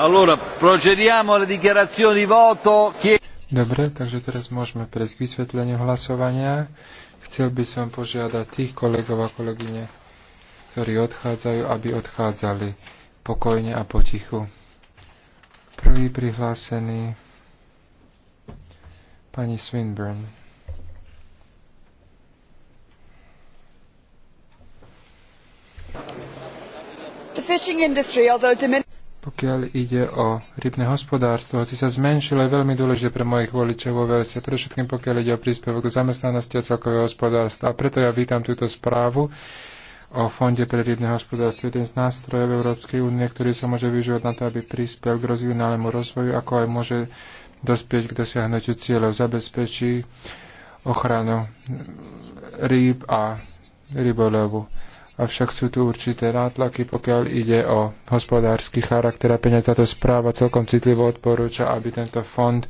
Allora, procediamo alle dichiarazioni voto. Dobre, takže teraz môžeme prejsť k vysvetleniu hlasovania. Chcel by som požiadať tých kolegov a kolegyne, ktorí odchádzajú, aby odchádzali pokojne a potichu. Prvý prihlásený pani Swinburne. The fishing industry, although diminished pokiaľ ide o rybné hospodárstvo, hoci sa zmenšilo, je veľmi dôležité pre mojich voličov vo pre všetkým pokiaľ ide o príspevok do zamestnanosti a celkového hospodárstva. A preto ja vítam túto správu o Fonde pre rybné hospodárstvo, jeden z nástrojov Európskej únie, ktorý sa môže využívať na to, aby prispel k regionálnemu rozvoju, ako aj môže dospieť k dosiahnutiu cieľov, zabezpečí ochranu rýb a rybolovu avšak sú tu určité nátlaky, pokiaľ ide o hospodársky charakter a peniaz. Táto správa celkom citlivo odporúča, aby tento fond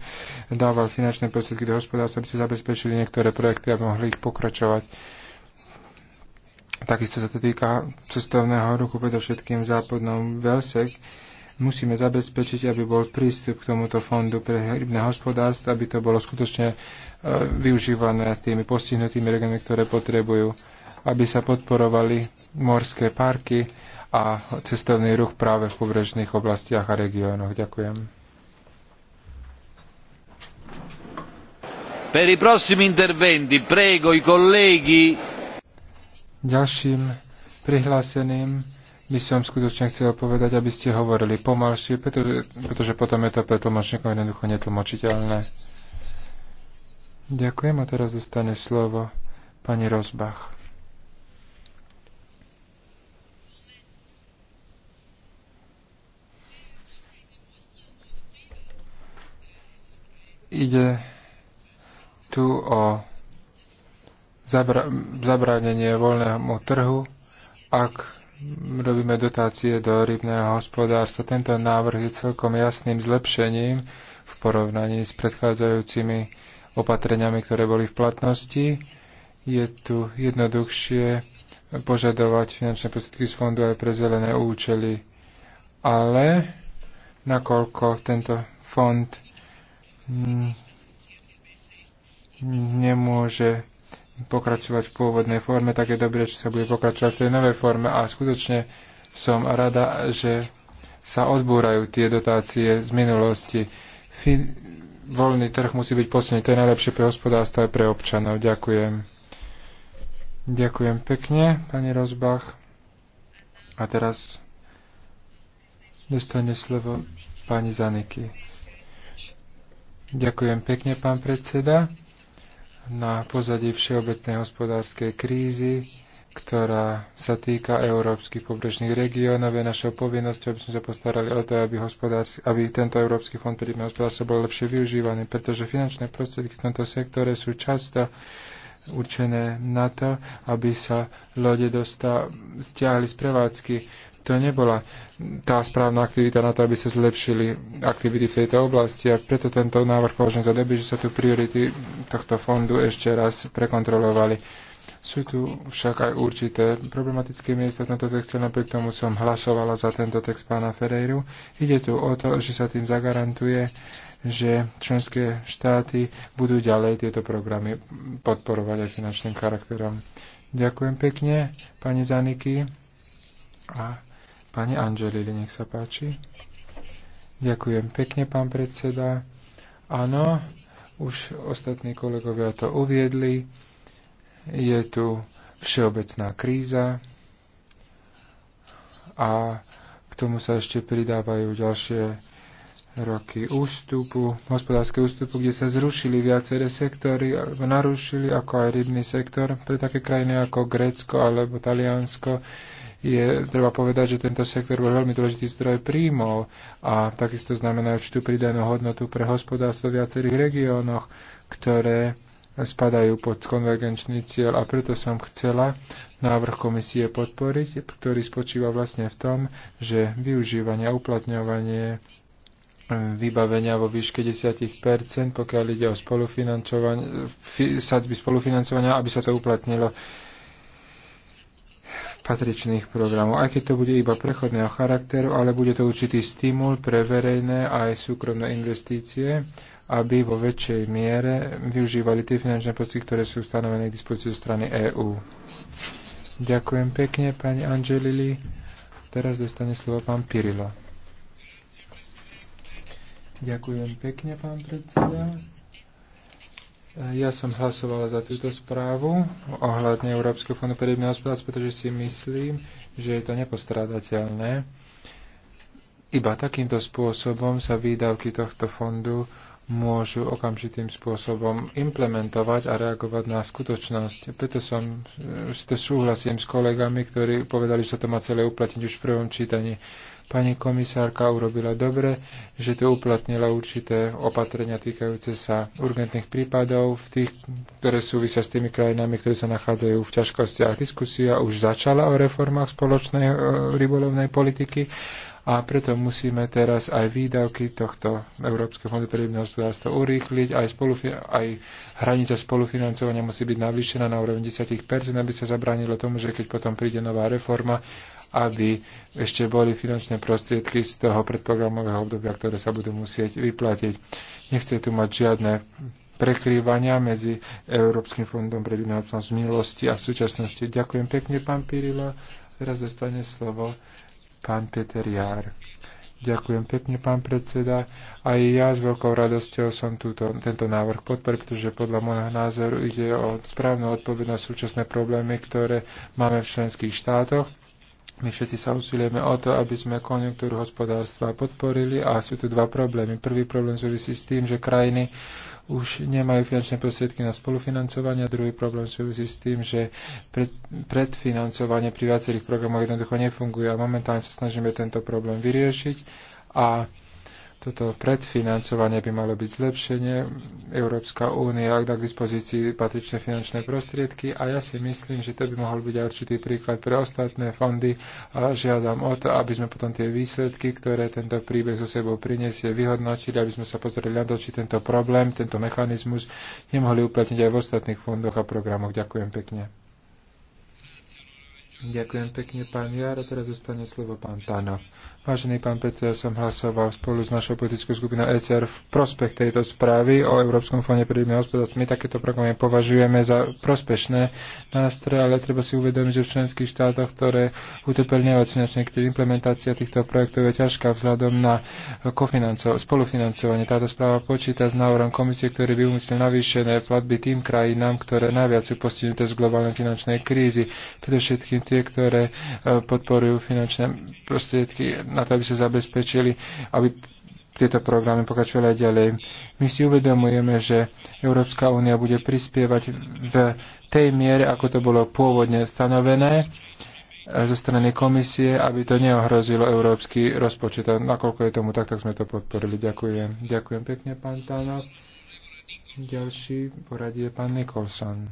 dával finančné prostriedky do hospodárstva, aby si zabezpečili niektoré projekty a mohli ich pokračovať. Takisto sa to týka cestovného ruchu, predovšetkým v západnom Velsek. Musíme zabezpečiť, aby bol prístup k tomuto fondu pre rybné hospodárstvo, aby to bolo skutočne e, využívané tými postihnutými regiónmi, ktoré potrebujú aby sa podporovali morské parky a cestovný ruch práve v pobrežných oblastiach a regiónoch. Ďakujem. Per i prossimi interventi prego i colleghi. Ďalším prihláseným by som skutočne chcel povedať, aby ste hovorili pomalšie, pretože, pretože potom je to pre tlmočníkov jednoducho netlmočiteľné. Ďakujem a teraz dostane slovo pani Rozbach. Ide tu o zabra- zabránenie voľnému trhu, ak robíme dotácie do rybného hospodárstva. Tento návrh je celkom jasným zlepšením v porovnaní s predchádzajúcimi opatreniami, ktoré boli v platnosti. Je tu jednoduchšie požadovať finančné prostriedky z fondu aj pre zelené účely. Ale nakoľko tento fond nemôže pokračovať v pôvodnej forme, tak je dobré, že sa bude pokračovať v tej novej forme. A skutočne som rada, že sa odbúrajú tie dotácie z minulosti. Fin- voľný trh musí byť posilnený. To je najlepšie pre hospodárstvo aj pre občanov. Ďakujem. Ďakujem pekne, pani Rozbach. A teraz dostane slovo pani Zaniky. Ďakujem pekne, pán predseda. Na pozadí všeobecnej hospodárskej krízy, ktorá sa týka európskych pobrežných regiónov, je našou povinnosťou, aby sme sa postarali o to, aby, aby tento Európsky fond príjme hospodárstva bol lepšie využívaný, pretože finančné prostriedky v tomto sektore sú často určené na to, aby sa lode dosta stiahli z prevádzky to nebola tá správna aktivita na to, aby sa zlepšili aktivity v tejto oblasti a preto tento návrh považujem za dobrý, že sa tu priority tohto fondu ešte raz prekontrolovali. Sú tu však aj určité problematické miesta v tomto texte, napriek tomu som hlasovala za tento text pána Ferreiru. Ide tu o to, že sa tým zagarantuje, že členské štáty budú ďalej tieto programy podporovať aj finančným charakterom. Ďakujem pekne, pani Zaniky. A Pani Angelili, nech sa páči. Ďakujem pekne, pán predseda. Áno, už ostatní kolegovia to uviedli. Je tu všeobecná kríza a k tomu sa ešte pridávajú ďalšie roky ústupu, hospodárskeho ústupu, kde sa zrušili viaceré sektory, narušili ako aj rybný sektor pre také krajiny ako Grécko alebo Taliansko, je, treba povedať, že tento sektor bol veľmi dôležitý zdroj príjmov a takisto znamená určitú pridanú hodnotu pre hospodárstvo v viacerých regiónoch, ktoré spadajú pod konvergenčný cieľ a preto som chcela návrh komisie podporiť, ktorý spočíva vlastne v tom, že využívanie a uplatňovanie e, vybavenia vo výške 10%, pokiaľ ide o spolufinancovanie, sadzby spolufinancovania, aby sa to uplatnilo patričných programov. Aj keď to bude iba prechodného charakteru, ale bude to určitý stimul pre verejné a aj súkromné investície, aby vo väčšej miere využívali tie finančné prostriedky, ktoré sú stanovené k dispozícii zo strany EÚ. Ďakujem pekne, pani Angelili. Teraz dostane slovo pán Pirilo. Ďakujem pekne, pán predseda. Ja som hlasovala za túto správu ohľadne Európskeho fondu periodného hospodárstva, pretože si myslím, že je to nepostradateľné. Iba takýmto spôsobom sa výdavky tohto fondu môžu okamžitým spôsobom implementovať a reagovať na skutočnosť. Preto som, si to súhlasím s kolegami, ktorí povedali, že sa to má celé uplatniť už v prvom čítaní. Pani komisárka urobila dobre, že tu uplatnila určité opatrenia týkajúce sa urgentných prípadov, v tých, ktoré súvisia s tými krajinami, ktoré sa nachádzajú v ťažkostiach. Diskusia už začala o reformách spoločnej e, rybolovnej politiky a preto musíme teraz aj výdavky tohto Európskeho fondu pre rybné hospodárstvo urýchliť, aj, aj hranica spolufinancovania musí byť navýšená na úroveň 10%, aby sa zabránilo tomu, že keď potom príde nová reforma, aby ešte boli finančné prostriedky z toho predprogramového obdobia, ktoré sa budú musieť vyplatiť. Nechce tu mať žiadne prekrývania medzi Európskym fondom pre rybné z minulosti a v súčasnosti. Ďakujem pekne, pán Pirilo. Teraz dostane slovo pán Peter Jár. Ďakujem pekne, pán predseda. Aj ja s veľkou radosťou som túto, tento návrh podporil, pretože podľa môjho názoru ide o správnu odpoveď na súčasné problémy, ktoré máme v členských štátoch. My všetci sa usilujeme o to, aby sme konjunktúru hospodárstva podporili a sú tu dva problémy. Prvý problém súvisí s tým, že krajiny už nemajú finančné prostriedky na spolufinancovanie. druhý problém súvisí s tým, že pred, predfinancovanie pri viacerých programoch jednoducho nefunguje a momentálne sa snažíme tento problém vyriešiť a toto predfinancovanie by malo byť zlepšenie. Európska únia dá k dispozícii patričné finančné prostriedky a ja si myslím, že to by mohol byť aj určitý príklad pre ostatné fondy a žiadam o to, aby sme potom tie výsledky, ktoré tento príbeh so sebou prinesie, vyhodnotili, aby sme sa pozreli na to, či tento problém, tento mechanizmus nemohli uplatniť aj v ostatných fondoch a programoch. Ďakujem pekne. Ďakujem pekne, pán Jara. Teraz zostane slovo pán Tano. Vážený pán Petr, ja som hlasoval spolu s našou politickou skupinou ECR v prospech tejto správy o Európskom fóne pre rybné hospodárstvo. My takéto programy považujeme za prospešné nástroje, ale treba si uvedomiť, že v členských štátoch, ktoré utrpelňujú od finančnej implementácia týchto projektov je ťažká vzhľadom na spolufinancovanie. Táto správa počíta s návrhom komisie, ktorý by umyslil navýšené platby tým krajinám, ktoré najviac sú postihnuté z globálnej finančnej krízy, predovšetkým tie, ktoré eh, podporujú finančné prostriedky na to, aby sa zabezpečili, aby tieto programy pokračovali aj ďalej. My si uvedomujeme, že Európska únia bude prispievať v tej miere, ako to bolo pôvodne stanovené e, zo strany komisie, aby to neohrozilo európsky rozpočet. A nakoľko je tomu tak, tak sme to podporili. Ďakujem. Ďakujem pekne, pán Tánok. Ďalší poradí je pán Nicholson.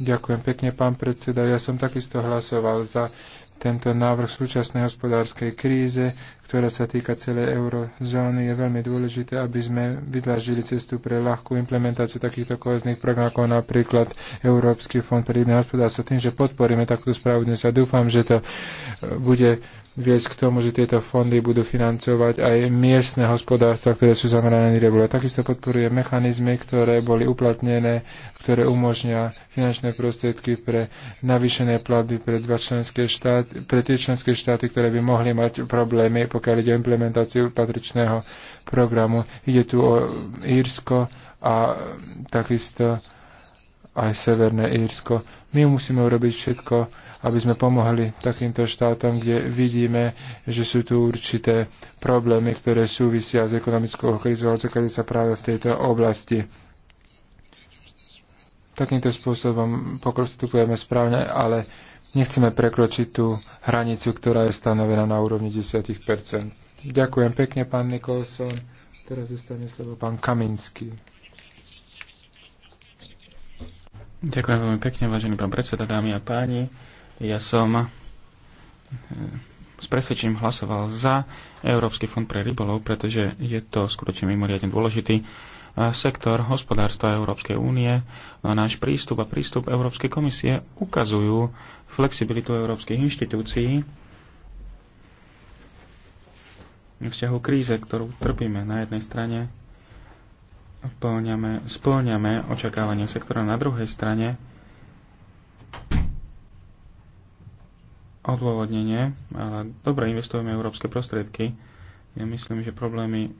Ďakujem pekne, pán predseda. Ja som takisto hlasoval za tento návrh súčasnej hospodárskej kríze, ktorá sa týka celej eurozóny, je veľmi dôležité, aby sme vydlažili cestu pre ľahkú implementáciu takýchto kohezných programov, ako napríklad Európsky fond pre hospodárstvo, tým, že podporíme takúto správu dnes a dúfam, že to e, bude viesť k tomu, že tieto fondy budú financovať aj miestne hospodárstva, ktoré sú zamerané na rybolu. Takisto podporuje mechanizmy, ktoré boli uplatnené, ktoré umožnia finančné prostriedky pre navýšené platby pre, dva členské štáty, pre tie členské štáty, ktoré by mohli mať problémy, pokiaľ ide o implementáciu patričného programu. Ide tu o Írsko a takisto aj Severné Írsko. My musíme urobiť všetko, aby sme pomohli takýmto štátom, kde vidíme, že sú tu určité problémy, ktoré súvisia s ekonomickou krízou, ale sa práve v tejto oblasti takýmto spôsobom postupujeme správne, ale nechceme prekročiť tú hranicu, ktorá je stanovená na úrovni 10 Ďakujem pekne, pán Nikolson. Teraz zostane slovo pán Kaminsky. Ďakujem veľmi pekne, vážený pán predseda, dámy a páni. Ja som eh, s presvedčením hlasoval za Európsky fond pre rybolov, pretože je to skutočne mimoriadne dôležitý eh, sektor hospodárstva Európskej únie. No a náš prístup a prístup Európskej komisie ukazujú flexibilitu európskych inštitúcií v vzťahu kríze, ktorú trpíme. Na jednej strane splňame, splňame očakávania sektora, na druhej strane odôvodnenie, ale dobre investujeme európske prostriedky. Ja myslím, že problémy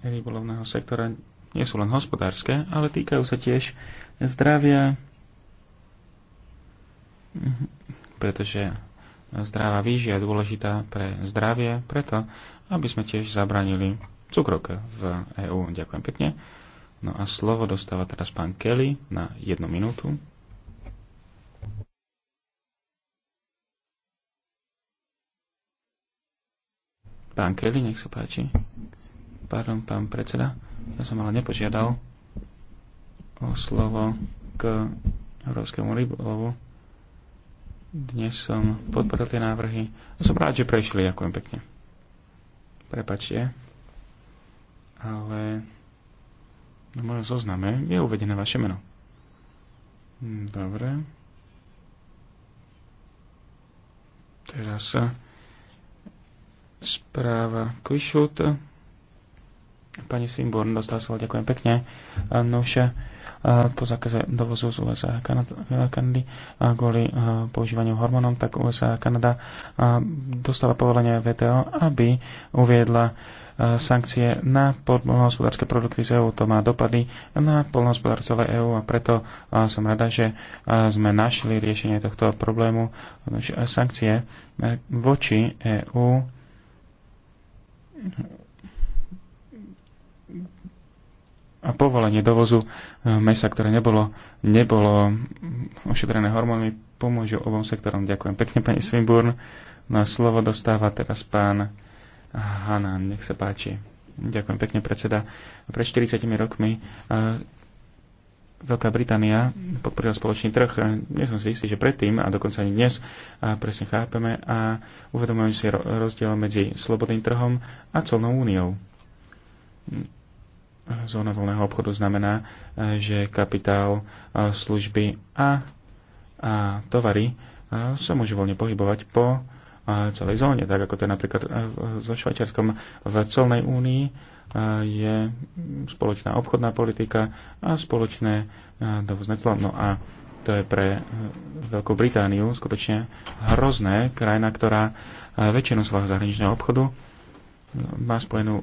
rybolovného sektora nie sú len hospodárske, ale týkajú sa tiež zdravia, pretože zdravá výžia je dôležitá pre zdravie, preto aby sme tiež zabranili cukrovke v EÚ. Ďakujem pekne. No a slovo dostáva teraz pán Kelly na jednu minútu. Pán Kelly, nech sa páči. Pardon, pán predseda. Ja som ale nepožiadal o slovo k európskemu rybolovu. Dnes som podporil tie návrhy. A som rád, že prešli. Ďakujem pekne. Prepačte. Ale na mojom zozname je uvedené vaše meno. Dobre. Teraz sa Správa Kvišut. Pani Swinburne dostal slovo, ďakujem pekne. Noše, po zákaze dovozu z USA a Kanady kvôli používaniu hormónom, tak USA a Kanada dostala povolenie VTO, aby uviedla sankcie na polnohospodárske produkty z EÚ. To má dopady na polnohospodárstvo EÚ e a preto som rada, že sme našli riešenie tohto problému. Sankcie voči EÚ a povolenie dovozu e, mesa, ktoré nebolo, nebolo ošetrené hormónmi, pomôžu obom sektorom. Ďakujem pekne, pani Swinburne. No a slovo dostáva teraz pán Hanan. Nech sa páči. Ďakujem pekne, predseda. Pred 40 rokmi e, Veľká Británia podporila spoločný trh. Nie som si istý, že predtým, a dokonca ani dnes, a presne chápeme a uvedomujeme si rozdiel medzi slobodným trhom a colnou úniou. Zóna voľného obchodu znamená, že kapitál, služby a, a tovary sa môžu voľne pohybovať po celej zóne, tak ako to je napríklad so Švajčiarskom v celnej únii je spoločná obchodná politika a spoločné dovozné clo. No a to je pre e, Veľkú Britániu skutočne hrozné, krajina, ktorá e, väčšinu svojho zahraničného obchodu e, má spojenú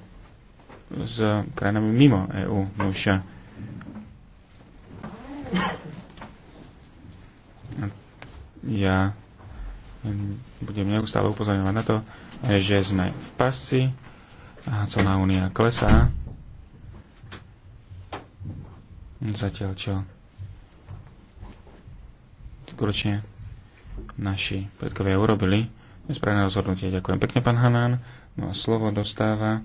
s krajinami mimo EÚ. Už ja budem neustále upozorňovať na to, že sme v pasci, a na únia klesá, zatiaľ čo skutočne naši predkovia urobili nesprávne rozhodnutie. Ďakujem pekne, pán Hanán. No a slovo dostáva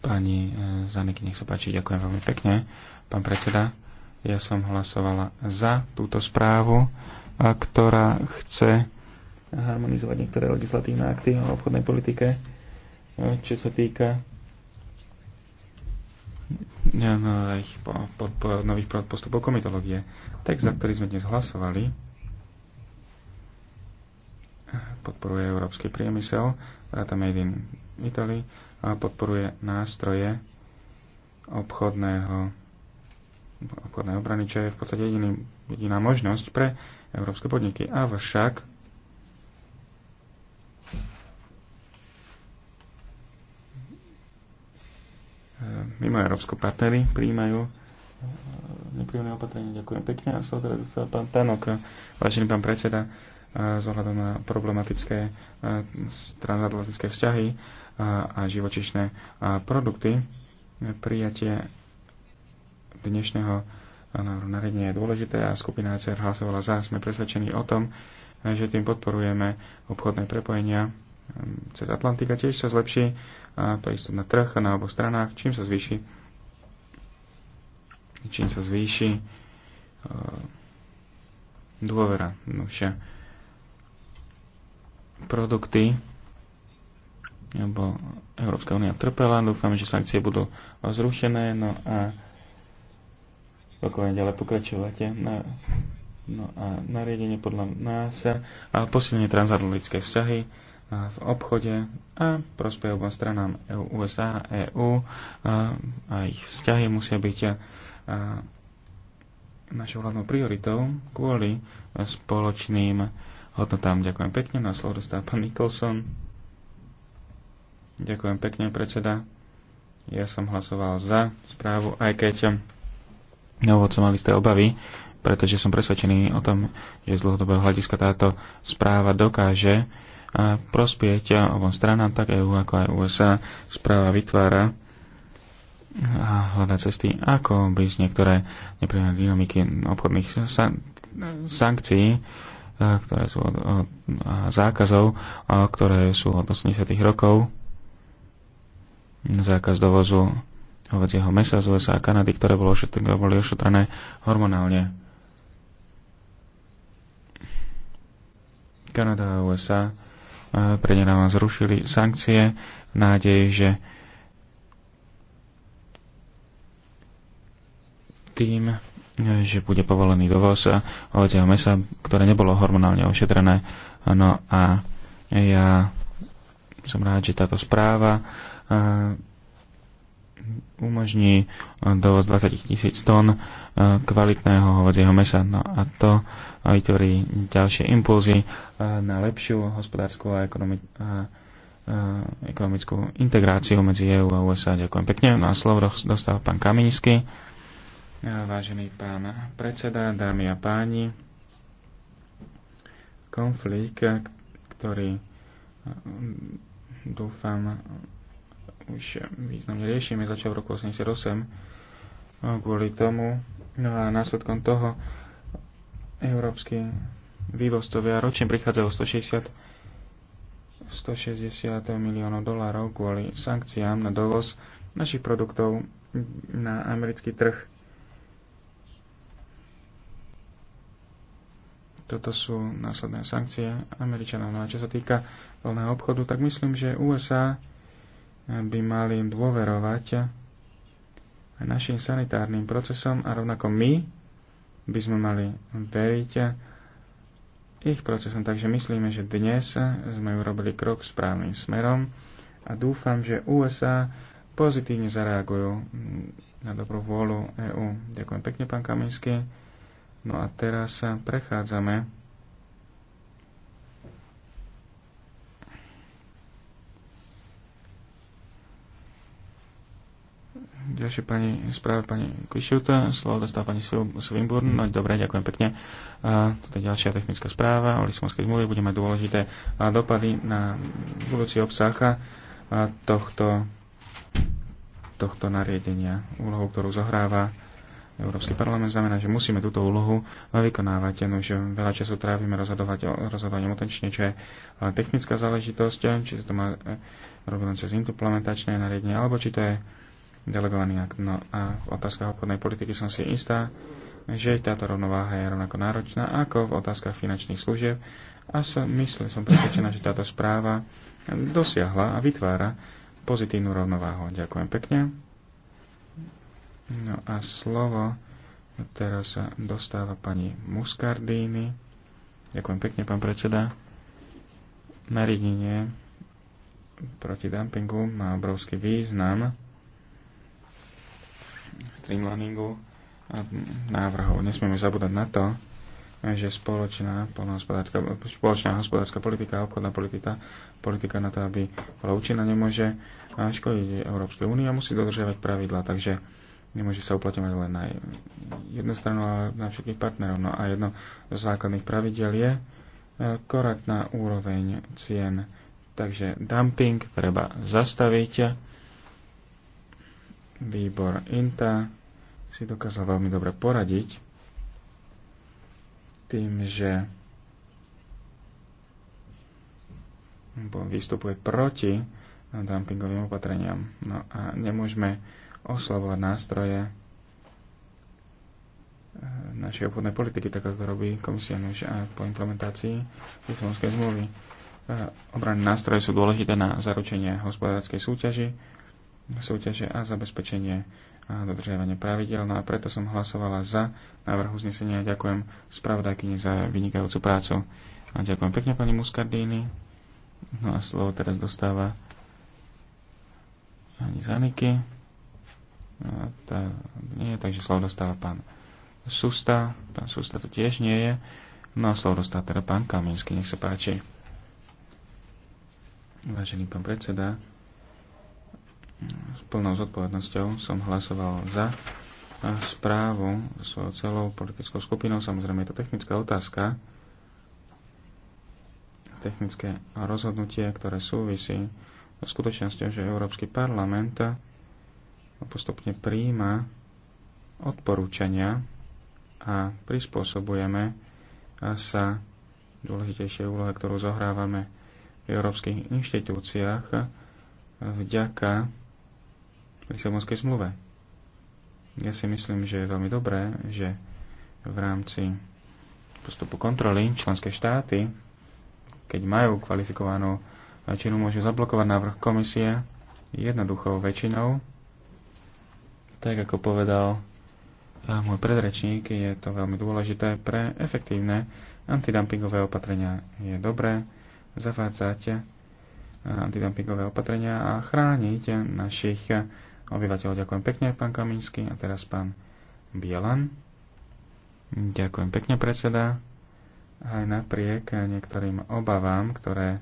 pani e, Zanik, nech sa páči, ďakujem veľmi pekne. Pán predseda, ja som hlasovala za túto správu, ktorá chce harmonizovať niektoré legislatívne akty o obchodnej politike, e, čo sa týka e, nových, po, po, nových postupov komitológie. Text, za ktorý sme dnes hlasovali, podporuje európsky priemysel, Rata Made in Italy, a podporuje nástroje obchodného obchodnej obrany, čo je v podstate jediný, jediná možnosť pre európske podniky. Avšak E, mimo európsko partnery príjmajú e, nepríjemné opatrenie. Ďakujem pekne. A slovo teraz dostáva pán Tanok, vážený pán predseda, z e, ohľadom na problematické transatlantické vzťahy a živočišné produkty. Prijatie dnešného nariadenia je dôležité a skupina ECR hlasovala za. Sme presvedčení o tom, že tým podporujeme obchodné prepojenia Ehm, cez Atlantika tiež sa zlepší prístup na trh na oboch stranách, čím sa zvýši čím sa zvýši ehm, dôvera. Nože produkty alebo Európska únia trpela, dúfam, že sankcie budú zrušené, no a rokovanie ďalej pokračovate. Na, no, no a nariadenie podľa nás a posilnenie transatlantické vzťahy v obchode a prospeje obom stranám e USA, a EU a ich vzťahy musia byť našou hlavnou prioritou kvôli spoločným hodnotám. Ďakujem pekne, na slovo dostáva pán Nicholson. Ďakujem pekne, predseda. Ja som hlasoval za správu, aj keď novodcom mali ste obavy, pretože som presvedčený o tom, že z dlhodobého hľadiska táto správa dokáže a prospieť obom stranám, tak EU ako aj USA, správa vytvára a hľada cesty, ako z niektoré nepríjemné dynamiky obchodných san- sankcií, e, ktoré sú od, od, zákazov, ktoré sú od 80. rokov, zákaz dovozu hovedzieho mesa z USA a Kanady, ktoré bolo ošetrené, boli ošetrené hormonálne. Kanada a USA prednedávno zrušili sankcie v nádeji, že tým, že bude povolený dovoz ovocieho mesa, ktoré nebolo hormonálne ošetrené. No a ja som rád, že táto správa umožní eh, dovoz 20 tisíc tón eh, kvalitného hovedzieho mesa. No a to eh, vytvorí ďalšie impulzy na lepšiu hospodárskú a, ekonomi- a, a ekonomickú integráciu medzi EU a USA. Ďakujem pekne. No a slovo dostal pán Kaminsky. Vážený pán predseda, dámy a páni, konflikt, ktorý dúfam už významne riešime, začal v roku 88 kvôli tomu. No a následkom toho európsky vývozcovia ročne prichádzajú 160 160 miliónov dolárov kvôli sankciám na dovoz našich produktov na americký trh. Toto sú následné sankcie Američanov. No a čo sa týka voľného obchodu, tak myslím, že USA by mali dôverovať aj našim sanitárnym procesom a rovnako my by sme mali veriť ich procesom. Takže myslíme, že dnes sme urobili krok správnym smerom a dúfam, že USA pozitívne zareagujú na dobrú vôľu EÚ. Ďakujem pekne, pán Kaminsky. No a teraz prechádzame ďalšie pani, správa pani Kišiuta, slovo dostá pani Swinburne. No dobre, ďakujem pekne. A, toto je ďalšia technická správa o Lisbonskej zmluve. Bude mať dôležité a, dopady na budúci obsah tohto, tohto nariadenia. Úlohu, ktorú zohráva Európsky parlament, znamená, že musíme túto úlohu vykonávať. No, že veľa času trávime rozhodovať o, rozhodovaním o čo je technická záležitosť, či sa to má e, robiť len cez implementačné nariadenie, alebo či to je delegovaný akt. No a v otázkach obchodnej politiky som si istá, že táto rovnováha je rovnako náročná ako v otázkach finančných služieb a som, myslím, som presvedčená, že táto správa dosiahla a vytvára pozitívnu rovnováhu. Ďakujem pekne. No a slovo teraz sa dostáva pani Muscardini. Ďakujem pekne, pán predseda. Nariadenie proti dumpingu má obrovský význam streamliningu a návrhov. Nesmieme zabúdať na to, že spoločná, hospodárska, spoločná hospodárska politika a obchodná politika, politika na to, aby bola účinná, nemôže škodiť Európskej únie a musí dodržiavať pravidla. Takže nemôže sa uplatňovať len na jednu stranu, ale na všetkých partnerov. No a jedno z základných pravidel je e, korektná úroveň cien. Takže dumping treba zastaviť výbor INTA si dokázal veľmi dobre poradiť tým, že vystupuje proti dumpingovým opatreniam. No a nemôžeme oslovovať nástroje eh, našej obchodnej politiky, tak ako to robí komisia už aj po implementácii Lisbonskej zmluvy. Eh, obranné nástroje sú dôležité na zaručenie hospodárskej súťaži, súťaže a zabezpečenie a dodržiavanie pravidel. No a preto som hlasovala za návrh uznesenia. Ďakujem spravodajkyni za vynikajúcu prácu. A ďakujem pekne pani Muscardini. No a slovo teraz dostáva pani Zaniky. tá, nie, takže slovo dostáva pán Susta. Pán Susta to tiež nie je. No a slovo dostáva teda pán Kamiňský. Nech sa páči. Vážený pán predseda, s plnou zodpovednosťou som hlasoval za správu svojou celou politickou skupinou. Samozrejme je to technická otázka, technické rozhodnutie, ktoré súvisí so skutočnosťou, že Európsky parlament postupne príjma odporúčania a prispôsobujeme sa dôležitejšej úlohe, ktorú zohrávame v európskych inštitúciách vďaka Lisabonskej zmluve. Ja si myslím, že je veľmi dobré, že v rámci postupu kontroly členské štáty, keď majú kvalifikovanú väčšinu, môžu zablokovať návrh komisie jednoduchou väčšinou. Tak ako povedal môj predrečník, je to veľmi dôležité pre efektívne antidumpingové opatrenia. Je dobré zavádzať antidumpingové opatrenia a chrániť našich obyvateľov. Ďakujem pekne, pán Kaminsky. A teraz pán Bielan. Ďakujem pekne, predseda. Aj napriek niektorým obavám, ktoré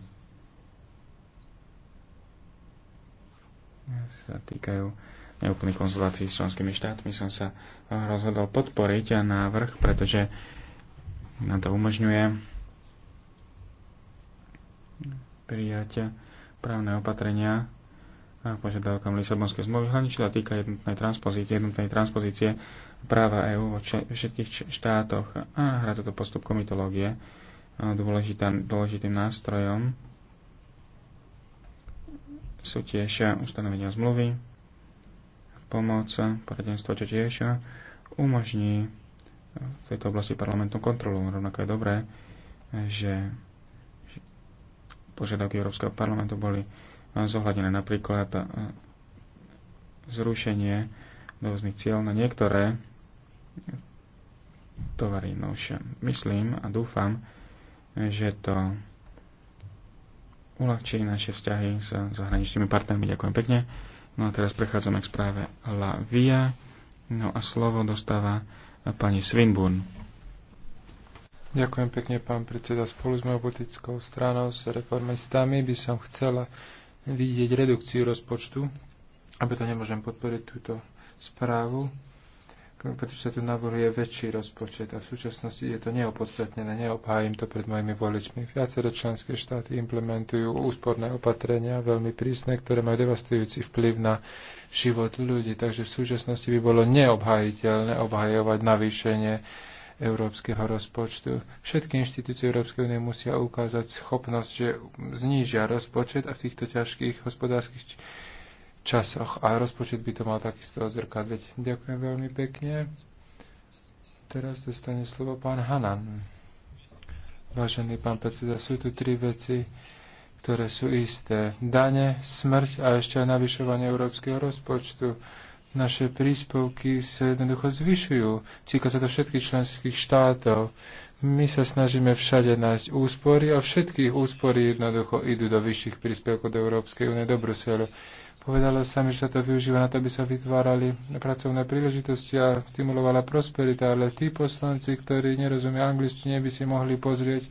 sa týkajú neúplných konzultácií s členskými štátmi, som sa rozhodol podporiť návrh, pretože nám to umožňuje prijať právne opatrenia požiadavkám Lisabonskej zmluvy, hlavne čo sa týka jednotnej transpozície, jednotnej transpozície práva EÚ vo všetkých štátoch a hrá to postup komitológie dôležitým, dôležitým nástrojom sú tiež ustanovenia zmluvy, pomoc, poradenstvo, čo tiež umožní v tejto oblasti parlamentnú kontrolu. Rovnako je dobré, že požiadavky Európskeho parlamentu boli zohľadené napríklad e, zrušenie rôznych cieľ na niektoré tovary. No myslím a dúfam, že to uľahčí naše vzťahy s zahraničnými partnermi. Ďakujem pekne. No a teraz prechádzame k správe La Via. No a slovo dostáva pani Swinburne. Ďakujem pekne, pán predseda. Spolu s mojou politickou stranou s reformistami by som chcela vidieť redukciu rozpočtu, a preto nemôžem podporiť túto správu, pretože sa tu navrhuje väčší rozpočet a v súčasnosti je to neopodstatnené, neobhájim to pred mojimi voličmi. Viacero členské štáty implementujú úsporné opatrenia, veľmi prísne, ktoré majú devastujúci vplyv na život ľudí, takže v súčasnosti by bolo neobhájiteľné obhajovať navýšenie európskeho rozpočtu. Všetky inštitúcie Európskej únie musia ukázať schopnosť, že znížia rozpočet a v týchto ťažkých hospodárskych časoch. A rozpočet by to mal takisto odzrkadliť. Ďakujem veľmi pekne. Teraz dostane slovo pán Hanan. Vážený pán predseda, sú tu tri veci, ktoré sú isté. Dane, smrť a ešte aj navyšovanie európskeho rozpočtu naše príspevky sa jednoducho zvyšujú. Týka sa to všetkých členských štátov. My sa snažíme všade nájsť úspory a všetkých úspory jednoducho idú do vyšších príspevkov do Európskej únie, do Bruselu. Povedalo sa mi, že sa to využíva na to, aby sa vytvárali pracovné príležitosti a stimulovala prosperita, ale tí poslanci, ktorí nerozumia angličtine, by si mohli pozrieť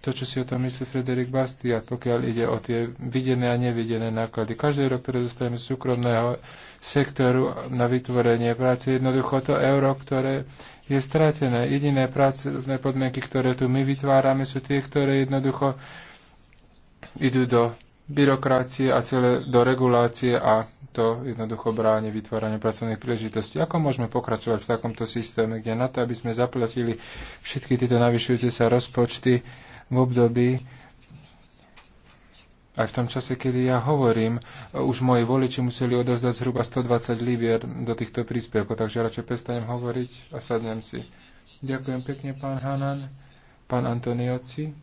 to, čo si o tom myslí Frederik Bastiat, pokiaľ ide o tie videné a nevidené náklady. Každý rok, ktoré dostaneme z súkromného sektoru na vytvorenie práce, jednoducho to euro, ktoré je stratené. Jediné pracovné podmienky, ktoré tu my vytvárame, sú tie, ktoré jednoducho idú do byrokracie a celé do regulácie a to jednoducho bráni vytváranie pracovných príležitostí. Ako môžeme pokračovať v takomto systéme, kde na to, aby sme zaplatili všetky tieto navyšujúce sa rozpočty, v období, aj v tom čase, kedy ja hovorím, už moji voliči museli odovzdať zhruba 120 libier do týchto príspevkov, takže radšej prestanem hovoriť a sadnem si. Ďakujem pekne, pán Hanan. Pán Antonioci.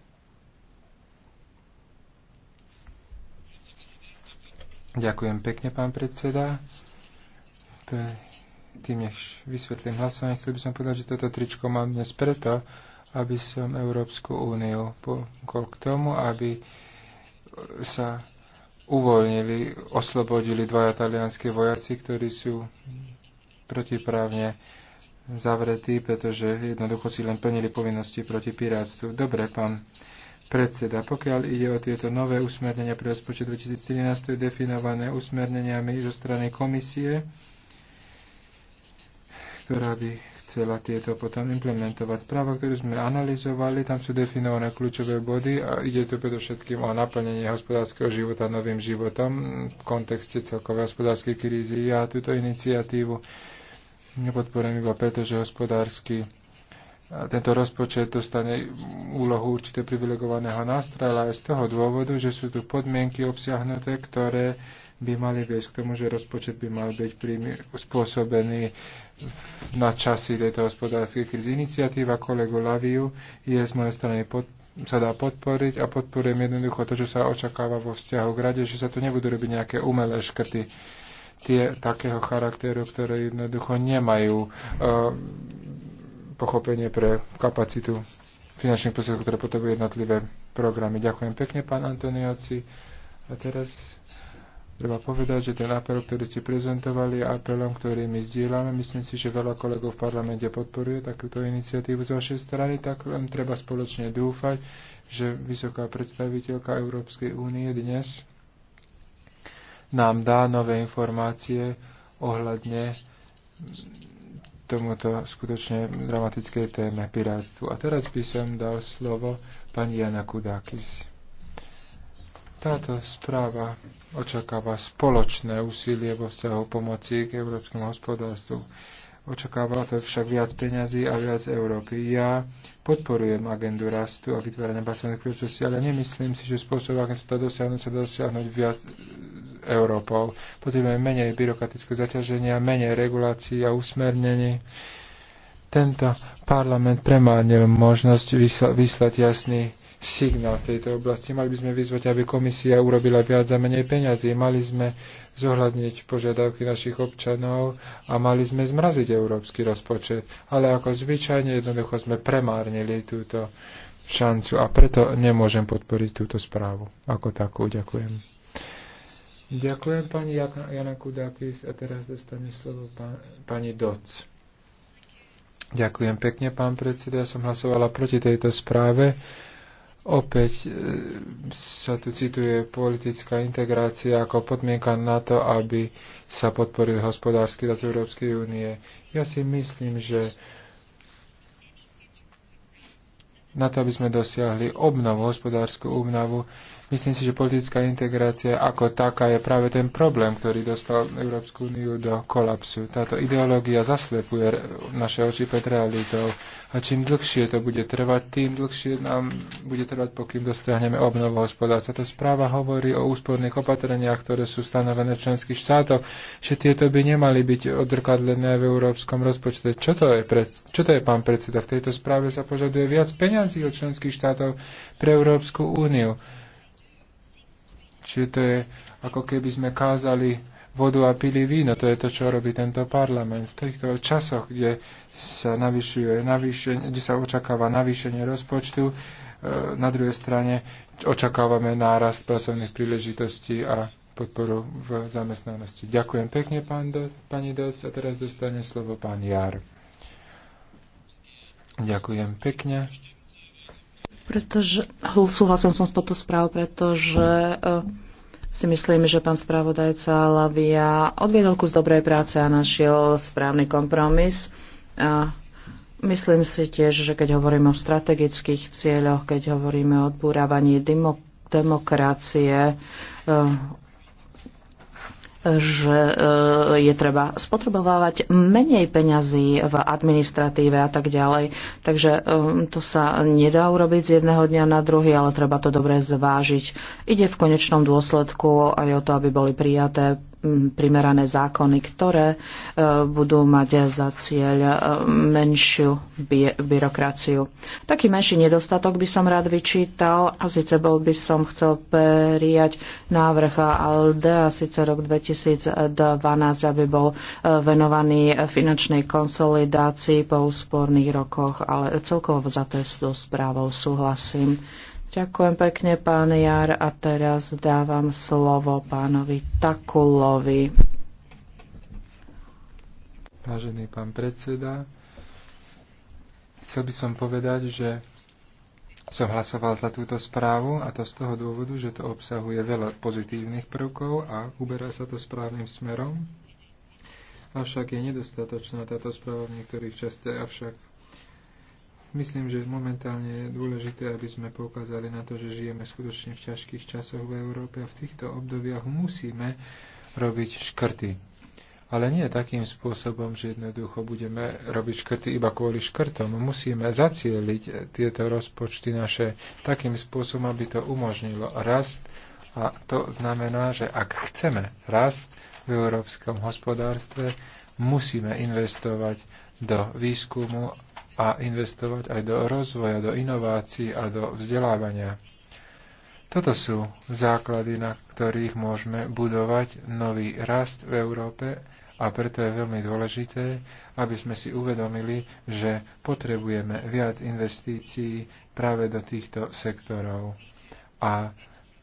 Ďakujem pekne, pán predseda. Tým, nech vysvetlím hlasovanie, chcel by som povedať, že toto tričko mám dnes preto, aby som Európsku úniu pomohol k tomu, aby sa uvoľnili, oslobodili dvaja talianskí vojaci, ktorí sú protiprávne zavretí, pretože jednoducho si len plnili povinnosti proti pirátstvu. Dobre, pán predseda, pokiaľ ide o tieto nové usmernenia pre rozpočet 2013, to je definované usmerneniami zo strany komisie, ktorá by chcela tieto potom implementovať. Správa, ktorú sme analyzovali, tam sú definované kľúčové body a ide tu predovšetkým o naplnenie hospodárskeho života novým životom v kontexte celkovej hospodárskej krízy. Ja túto iniciatívu nepodporujem iba preto, že hospodársky tento rozpočet dostane úlohu určite privilegovaného nástroja, ale aj z toho dôvodu, že sú tu podmienky obsiahnuté, ktoré by mali viesť k tomu, že rozpočet by mal byť spôsobený na časy tejto hospodárskej krízy. Iniciatíva kolegu Laviu je z mojej strany pod, sa dá podporiť a podporujem jednoducho to, čo sa očakáva vo vzťahu k rade, že sa tu nebudú robiť nejaké umelé škrty tie takého charakteru, ktoré jednoducho nemajú uh, pochopenie pre kapacitu finančných prostriedkov, ktoré potrebujú jednotlivé programy. Ďakujem pekne, pán Antonioci. A teraz Treba povedať, že ten apel, ktorý ste prezentovali, je apelom, ktorý my zdieľame. Myslím si, že veľa kolegov v parlamente podporuje takúto iniciatívu z vašej strany, tak len treba spoločne dúfať, že vysoká predstaviteľka Európskej únie dnes nám dá nové informácie ohľadne tomuto skutočne dramatickej téme pirátstvu. A teraz by som dal slovo pani Jana Kudákis. Táto správa očakáva spoločné úsilie vo vzťahu pomoci k európskemu hospodárstvu. Očakáva to však viac peňazí a viac Európy. Ja podporujem agendu rastu a vytvárania pracovných príležitostí, ale nemyslím si, že spôsob, akým sa to dosiahnuť, sa dosiahnuť viac Európou. Potrebujeme menej byrokratické zaťaženia, menej regulácií a usmernení. Tento parlament premárnil možnosť vysla- vyslať jasný signál v tejto oblasti. Mali by sme vyzvať, aby komisia urobila viac za menej peňazí. Mali sme zohľadniť požiadavky našich občanov a mali sme zmraziť európsky rozpočet. Ale ako zvyčajne jednoducho sme premárnili túto šancu a preto nemôžem podporiť túto správu ako takú. Ďakujem. Ďakujem pani Jana Kudakis a teraz dostane slovo pán, pani Doc. Ďakujem pekne, pán predseda. Ja som hlasovala proti tejto správe Opäť e, sa tu cituje politická integrácia ako podmienka na to, aby sa podporil hospodársky rast Európskej únie. Ja si myslím, že na to, aby sme dosiahli obnovu, hospodárskú obnovu, myslím si, že politická integrácia ako taká je práve ten problém, ktorý dostal Európsku úniu do kolapsu. Táto ideológia zaslepuje naše oči pred realitou a čím dlhšie to bude trvať, tým dlhšie nám bude trvať, pokým dosiahneme obnovu hospodárstva. Tá správa hovorí o úsporných opatreniach, ktoré sú stanovené v členských štátov, že tieto by nemali byť odrkadlené v európskom rozpočte. Čo to je, pred, čo to je pán predseda? V tejto správe sa požaduje viac peňazí od členských štátov pre Európsku úniu. Čiže to je ako keby sme kázali vodu a pili víno. To je to, čo robí tento parlament. V týchto časoch, kde sa, navyšuje, navýšenie, kde sa očakáva navýšenie rozpočtu, e, na druhej strane očakávame nárast pracovných príležitostí a podporu v zamestnanosti. Ďakujem pekne, pán Do, pani Doc, a teraz dostane slovo pán Jar. Ďakujem pekne. Pretože súhlasom som s touto správou, pretože e, si myslím, že pán spravodajca Lavia odviedol kus dobrej práce a našiel správny kompromis. A myslím si tiež, že keď hovoríme o strategických cieľoch, keď hovoríme o odbúravaní demokracie, že e, je treba spotrebovávať menej peňazí v administratíve a tak ďalej. Takže e, to sa nedá urobiť z jedného dňa na druhý, ale treba to dobre zvážiť. Ide v konečnom dôsledku aj o to, aby boli prijaté primerané zákony, ktoré e, budú mať za cieľ e, menšiu by- byrokraciu. Taký menší nedostatok by som rád vyčítal a síce bol by som chcel prijať návrh ALDE a síce rok 2012, aby bol e, venovaný finančnej konsolidácii po úsporných rokoch, ale celkovo za to s správou súhlasím. Ďakujem pekne, pán Jar, a teraz dávam slovo pánovi Takulovi. Vážený pán predseda, chcel by som povedať, že som hlasoval za túto správu a to z toho dôvodu, že to obsahuje veľa pozitívnych prvkov a uberá sa to správnym smerom. Avšak je nedostatočná táto správa v niektorých častiach, avšak Myslím, že momentálne je dôležité, aby sme poukázali na to, že žijeme skutočne v ťažkých časoch v Európe a v týchto obdobiach musíme robiť škrty. Ale nie takým spôsobom, že jednoducho budeme robiť škrty iba kvôli škrtom. Musíme zacieliť tieto rozpočty naše takým spôsobom, aby to umožnilo rast. A to znamená, že ak chceme rast v európskom hospodárstve, musíme investovať do výskumu a investovať aj do rozvoja, do inovácií a do vzdelávania. Toto sú základy, na ktorých môžeme budovať nový rast v Európe a preto je veľmi dôležité, aby sme si uvedomili, že potrebujeme viac investícií práve do týchto sektorov. A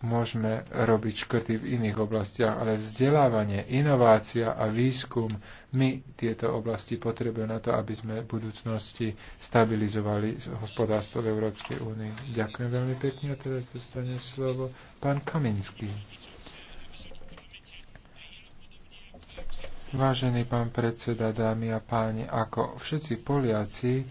môžeme robiť škrty v iných oblastiach, ale vzdelávanie, inovácia a výskum, my tieto oblasti potrebujeme na to, aby sme v budúcnosti stabilizovali hospodárstvo v Európskej únii. Ďakujem veľmi pekne a teraz dostane slovo pán Kaminský. Vážený pán predseda, dámy a páni, ako všetci Poliaci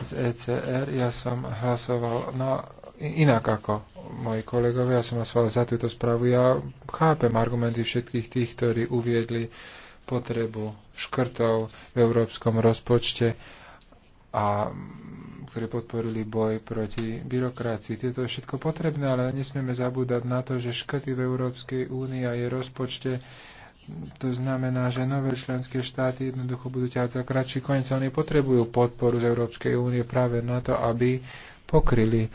z ECR, ja som hlasoval na inak ako moji kolegovia. Ja som hlasoval za túto správu. Ja chápem argumenty všetkých tých, ktorí uviedli potrebu škrtov v európskom rozpočte a ktorí podporili boj proti byrokracii. Tieto je všetko potrebné, ale nesmieme zabúdať na to, že škrty v Európskej únii a jej rozpočte to znamená, že nové členské štáty jednoducho budú ťať za kratší koniec. Oni potrebujú podporu z Európskej únie práve na to, aby pokryli uh,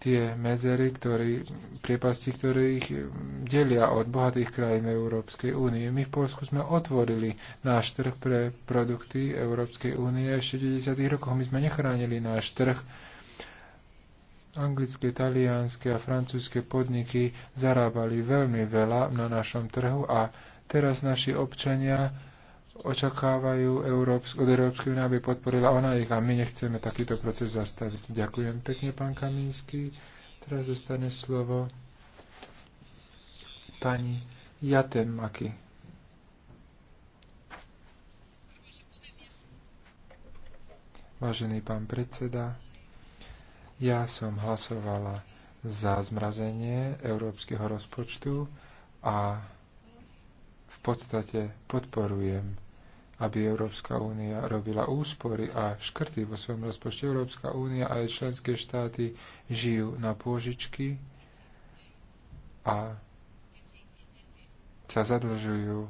tie medzery, ktorý, priepasti, ktoré ich mm, delia od bohatých krajín Európskej únie. My v Polsku sme otvorili náš trh pre produkty Európskej únie. Ešte v 60. rokoch my sme nechránili náš trh. Anglické, talianské a francúzske podniky zarábali veľmi veľa na našom trhu a teraz naši občania očakávajú Európsk, od Európskej únie, aby podporila ona ich a my nechceme takýto proces zastaviť. Ďakujem pekne, pán Kamínsky. Teraz zostane slovo pani Jaten Maki. Vážený pán predseda, ja som hlasovala za zmrazenie európskeho rozpočtu a v podstate podporujem aby Európska únia robila úspory a škrty vo svojom rozpočte. Európska únia a aj členské štáty žijú na pôžičky a sa zadlžujú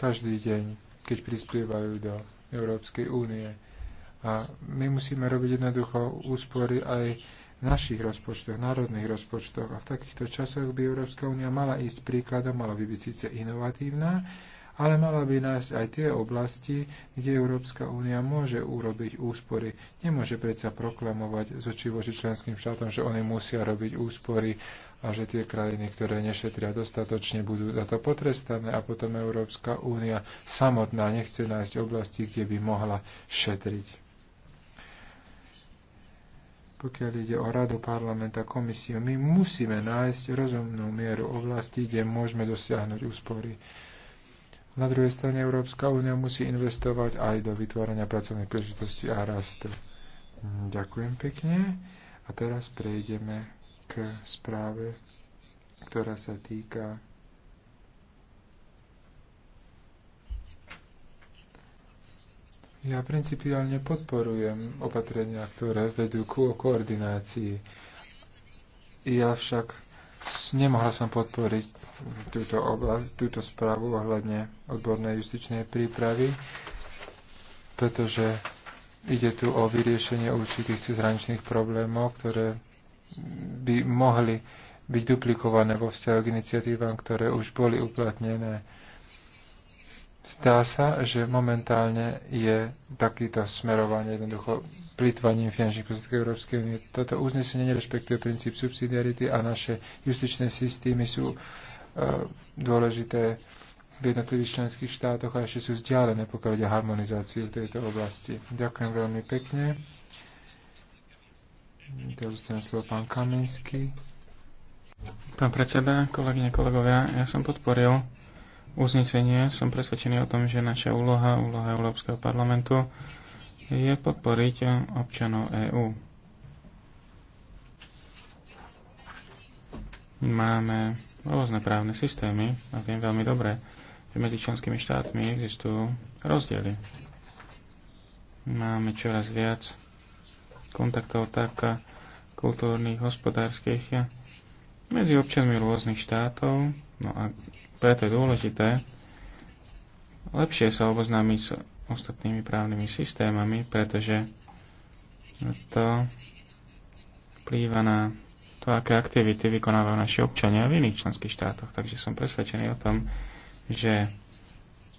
každý deň, keď prispievajú do Európskej únie. A my musíme robiť jednoducho úspory aj v našich rozpočtoch, národných rozpočtoch. A v takýchto časoch by Európska únia mala ísť príkladom, mala by byť síce inovatívna, ale mala by nájsť aj tie oblasti, kde Európska únia môže urobiť úspory. Nemôže predsa proklamovať z očí voči členským štátom, že oni musia robiť úspory a že tie krajiny, ktoré nešetria dostatočne, budú za to potrestané a potom Európska únia samotná nechce nájsť oblasti, kde by mohla šetriť. Pokiaľ ide o Radu, parlament a komisiu, my musíme nájsť rozumnú mieru oblasti, kde môžeme dosiahnuť úspory. Na druhej strane Európska únia musí investovať aj do vytvárania pracovných príležitostí a rastu. Ďakujem pekne. A teraz prejdeme k správe, ktorá sa týka Ja principiálne podporujem opatrenia, ktoré vedú ku koordinácii. Ja však nemohla som podporiť túto, oblasť, túto správu ohľadne odbornej justičnej prípravy, pretože ide tu o vyriešenie určitých cezhraničných problémov, ktoré by mohli byť duplikované vo vzťahu k iniciatívam, ktoré už boli uplatnené Zdá sa, že momentálne je takýto smerovanie jednoducho plýtvaním finančných prostriedkov Európskej únie. Toto uznesenie nerešpektuje princíp subsidiarity a naše justičné systémy sú uh, dôležité v jednotlivých členských štátoch a ešte sú vzdialené, pokiaľ ide harmonizáciu v tejto oblasti. Ďakujem veľmi pekne. Teraz dostane slovo pán Kamenský. Pán predseda, kolegyne, kolegovia, ja som podporil Uznesenie som presvedčený o tom, že naša úloha, úloha Európskeho parlamentu je podporiť občanov EÚ. Máme rôzne právne systémy a viem veľmi dobre, že medzi členskými štátmi existujú rozdiely. Máme čoraz viac kontaktov tak kultúrnych, hospodárskych medzi občanmi rôznych štátov, no a preto je dôležité lepšie sa oboznámiť s ostatnými právnymi systémami, pretože to vplýva na to, aké aktivity vykonávajú naši občania v iných členských štátoch. Takže som presvedčený o tom, že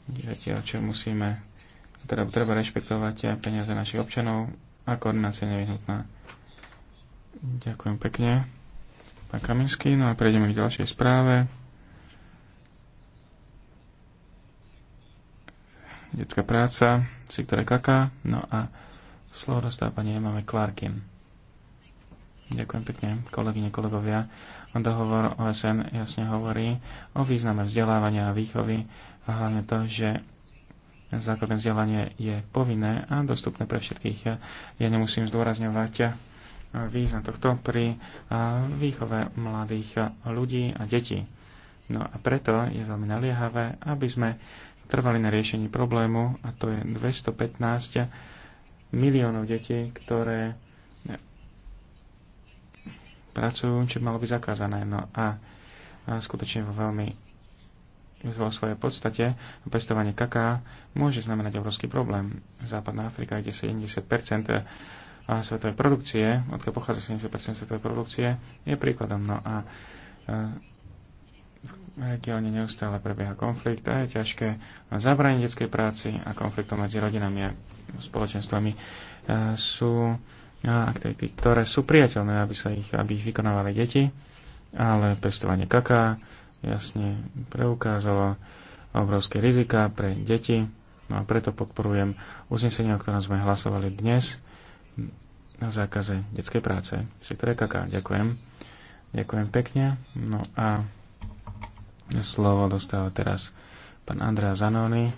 zatiaľ, čo musíme, teda treba rešpektovať aj peniaze našich občanov a koordinácia nevyhnutná. Ďakujem pekne. Pán Kaminsky, no a prejdeme k ďalšej správe. detská práca, ktoré Kaká, no a slovo dostáva pani Emame Clarkin. Ďakujem pekne, kolegyne, kolegovia. Dohovor OSN jasne hovorí o význame vzdelávania a výchovy a hlavne to, že základné vzdelanie je povinné a dostupné pre všetkých. Ja nemusím zdôrazňovať význam tohto pri výchove mladých ľudí a detí. No a preto je veľmi naliehavé, aby sme trvali na riešení problému a to je 215 miliónov detí, ktoré eh, pracujú, čo malo byť zakázané. No a, a skutočne vo veľmi vo svojej podstate pestovanie kaká môže znamenať obrovský problém. Západná Afrika, kde 70 eh, svetovej produkcie, odkiaľ pochádza 70 svetovej produkcie, je príkladom. No a eh, v regióne neustále prebieha konflikt a je ťažké zabrániť detskej práci a konfliktom medzi rodinami a spoločenstvami e, sú e, aktivity, ktoré sú priateľné, aby, sa ich, aby ich vykonávali deti, ale pestovanie kaká jasne preukázalo obrovské rizika pre deti no a preto podporujem uznesenie, o ktorom sme hlasovali dnes na zákaze detskej práce v sektore kaká. Ďakujem. Ďakujem pekne. No a Slovo dostáva teraz pán Andrea Zanoni.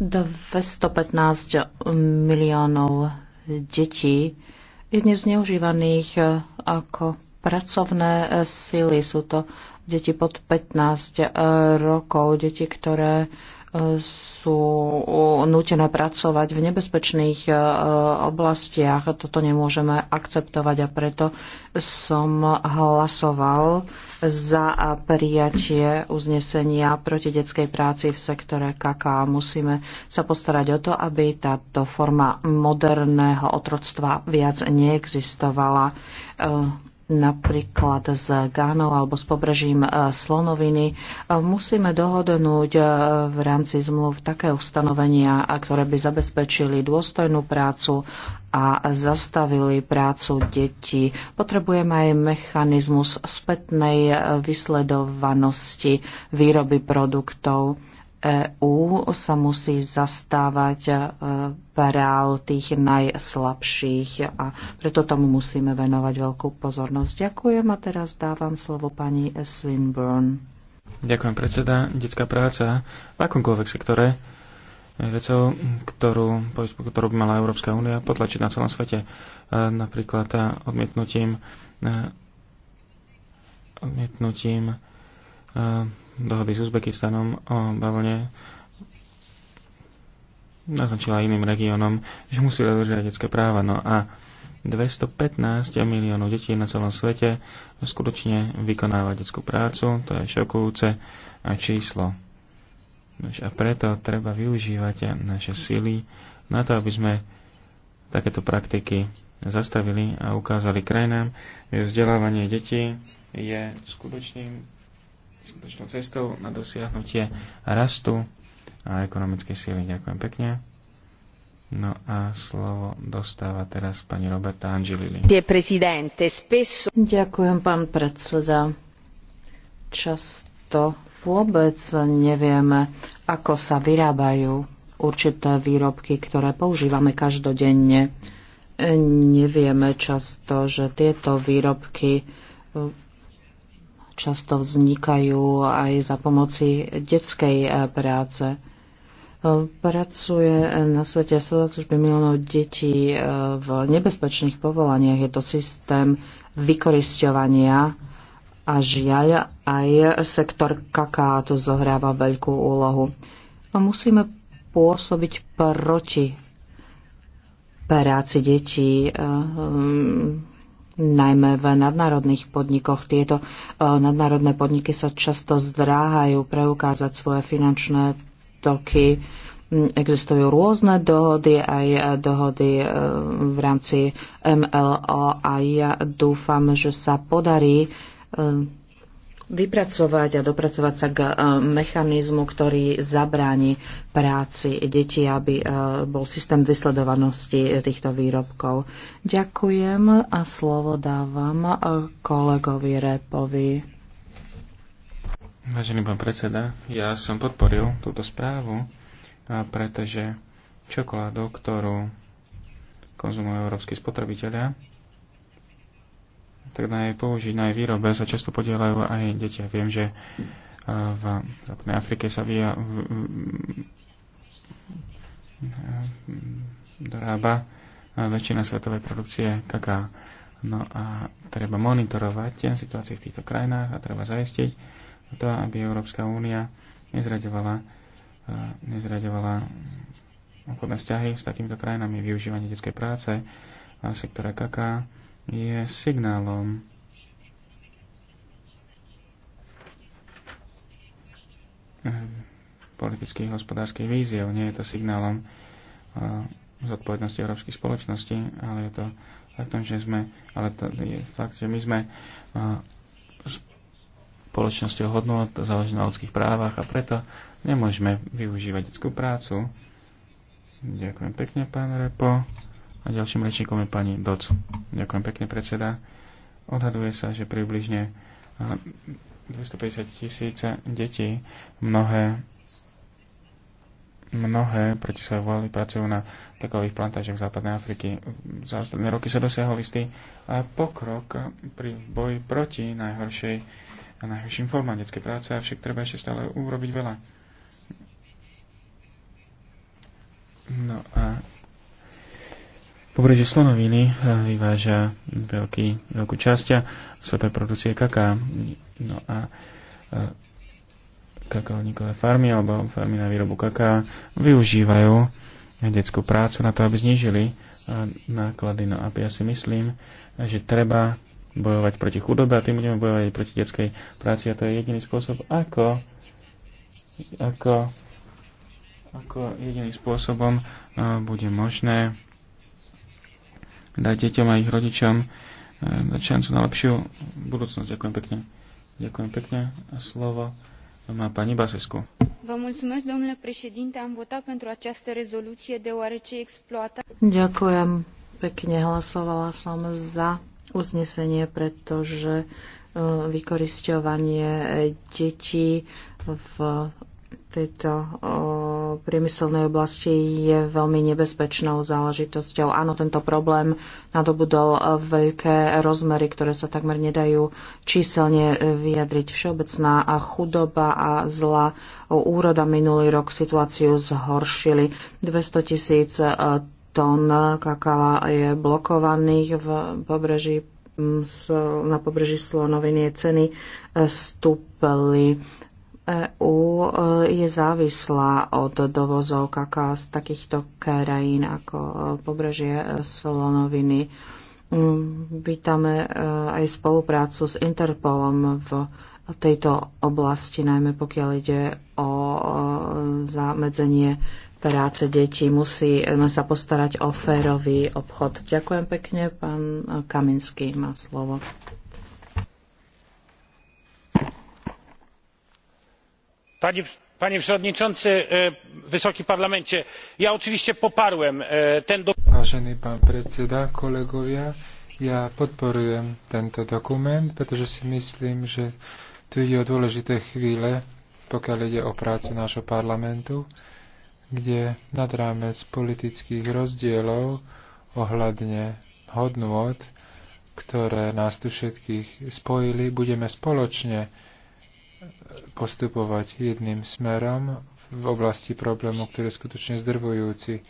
Do 215 miliónov detí je dnes zneužívaných ako pracovné sily. Sú to deti pod 15 rokov, deti, ktoré sú nutené pracovať v nebezpečných e, oblastiach. Toto nemôžeme akceptovať a preto som hlasoval za prijatie uznesenia proti detskej práci v sektore KK. Musíme sa postarať o to, aby táto forma moderného otroctva viac neexistovala. E, napríklad z Gánou alebo s pobrežím e, Slonoviny, e, musíme dohodnúť e, v rámci zmluv také ustanovenia, ktoré by zabezpečili dôstojnú prácu a zastavili prácu detí. Potrebujeme aj mechanizmus spätnej vysledovanosti výroby produktov. EÚ sa musí zastávať e, práv tých najslabších a preto tomu musíme venovať veľkú pozornosť. Ďakujem a teraz dávam slovo pani Swinburne. Ďakujem predseda. Detská práca v akomkoľvek sektore je vecou, ktorú, ktorú by mala Európska únia potlačiť na celom svete. E, napríklad e, odmietnutím odmietnutím dohody s Uzbekistanom o bavlne naznačila iným regiónom, že musí dodržiavať detské práva. No a 215 miliónov detí na celom svete skutočne vykonáva detskú prácu. To je šokujúce a číslo. A preto treba využívať naše sily na to, aby sme takéto praktiky zastavili a ukázali krajinám, že vzdelávanie detí je skutočným skutočnou cestou na dosiahnutie rastu a ekonomickej síly. Ďakujem pekne. No a slovo dostáva teraz pani Roberta Angelili. Ďakujem, pán predseda. Často vôbec nevieme, ako sa vyrábajú určité výrobky, ktoré používame každodenne. Nevieme často, že tieto výrobky často vznikajú aj za pomoci detskej eh, práce. Eh, pracuje na svete služby miliónov detí eh, v nebezpečných povolaniach. Je to systém vykorisťovania a žiaľ aj sektor kaká tu zohráva veľkú úlohu. Musíme pôsobiť proti práci detí hm, najmä v nadnárodných podnikoch. Tieto e, nadnárodné podniky sa často zdráhajú preukázať svoje finančné toky. Mm, Existujú rôzne dohody, aj dohody e, v rámci MLO a ja dúfam, že sa podarí e, vypracovať a dopracovať sa k e, mechanizmu, ktorý zabráni práci detí, aby e, bol systém vysledovanosti týchto výrobkov. Ďakujem a slovo dávam e, kolegovi Repovi. Vážený pán predseda, ja som podporil túto správu, pretože čokoládu, ktorú konzumujú európsky spotrebitelia, ktoré na jej použiť, na jej výrobe sa často podielajú aj deti. Viem, že eh, v Západnej Afrike sa vyja, eh, dorába eh, väčšina svetovej produkcie kaká. No a treba monitorovať situáciu v týchto krajinách a treba zaistiť to, aby Európska únia nezraďovala, nezraďovala obchodné vzťahy s takýmito krajinami, využívanie detskej práce, sektora kaká je signálom politických hospodárskych víziev. Nie je to signálom zodpovednosti európskych spoločností, ale je to v že sme, ale to je fakt, že my sme spoločnosťou hodnot založená na ľudských právach a preto nemôžeme využívať detskú prácu. Ďakujem pekne, pán Repo. A ďalším rečníkom je pani Doc. Ďakujem pekne, predseda. Odhaduje sa, že približne 250 tisíc detí, mnohé, mnohé proti svojej voli pracujú na takových plantážach západnej Afriky. Za ostatné roky sa dosiahol istý pokrok pri boji proti najhoršej, najhorším formám detskej práce, avšak treba ešte stále urobiť veľa. No a Pobrežie slonoviny eh, vyváža veľký, veľkú časť svetovej produkcie kaká. No a eh, kakaoníkové farmy alebo farmy na výrobu kaká využívajú detskú prácu na to, aby znížili eh, náklady. No a ja si myslím, že treba bojovať proti chudobe a tým budeme bojovať proti detskej práci a to je jediný spôsob, ako, ako, ako jediným spôsobom bude možné dať deťom a ich rodičom eh, dať šancu na lepšiu budúcnosť. Ďakujem pekne. Ďakujem pekne. A slovo má pani Basescu. Vă mulțumesc, domnule președinte. Am votat pentru această rezoluție deoarece exploata... Ďakujem pekne. Hlasovala som za uznesenie, pretože eh, vykoristovanie eh, detí v tejto priemyselnej oblasti je veľmi nebezpečnou záležitosťou. Áno, tento problém nadobudol veľké rozmery, ktoré sa takmer nedajú číselne vyjadriť. Všeobecná a chudoba a zla úroda minulý rok situáciu zhoršili. 200 tisíc e, tón kakava je blokovaných v pobreží na pobreží Slonoviny ceny e, stúpli EÚ e, je závislá od dovozov kaká z takýchto krajín ako e, pobrežie e, Solonoviny. Mm, vítame aj spoluprácu s Interpolom v tejto oblasti, najmä pokiaľ ide o zamedzenie práce detí. Musíme sa postarať o férový obchod. Ďakujem pekne. Pán Kaminský má slovo. panie przewodniczący e, wysoki parlamencie! ja oczywiście poparłem e, ten dokument. ja podporujem tento dokument pretože si myslím že tu ide o dôležité chvíle pokiaľ ide o prácu nášho parlamentu kde nad rámec politických rozdielov ohľadne hodnôt ktoré nás tu všetkých spojili budeme spoločne postupovať jedným smerom v oblasti problémov, ktoré je skutočne zdrvujúci.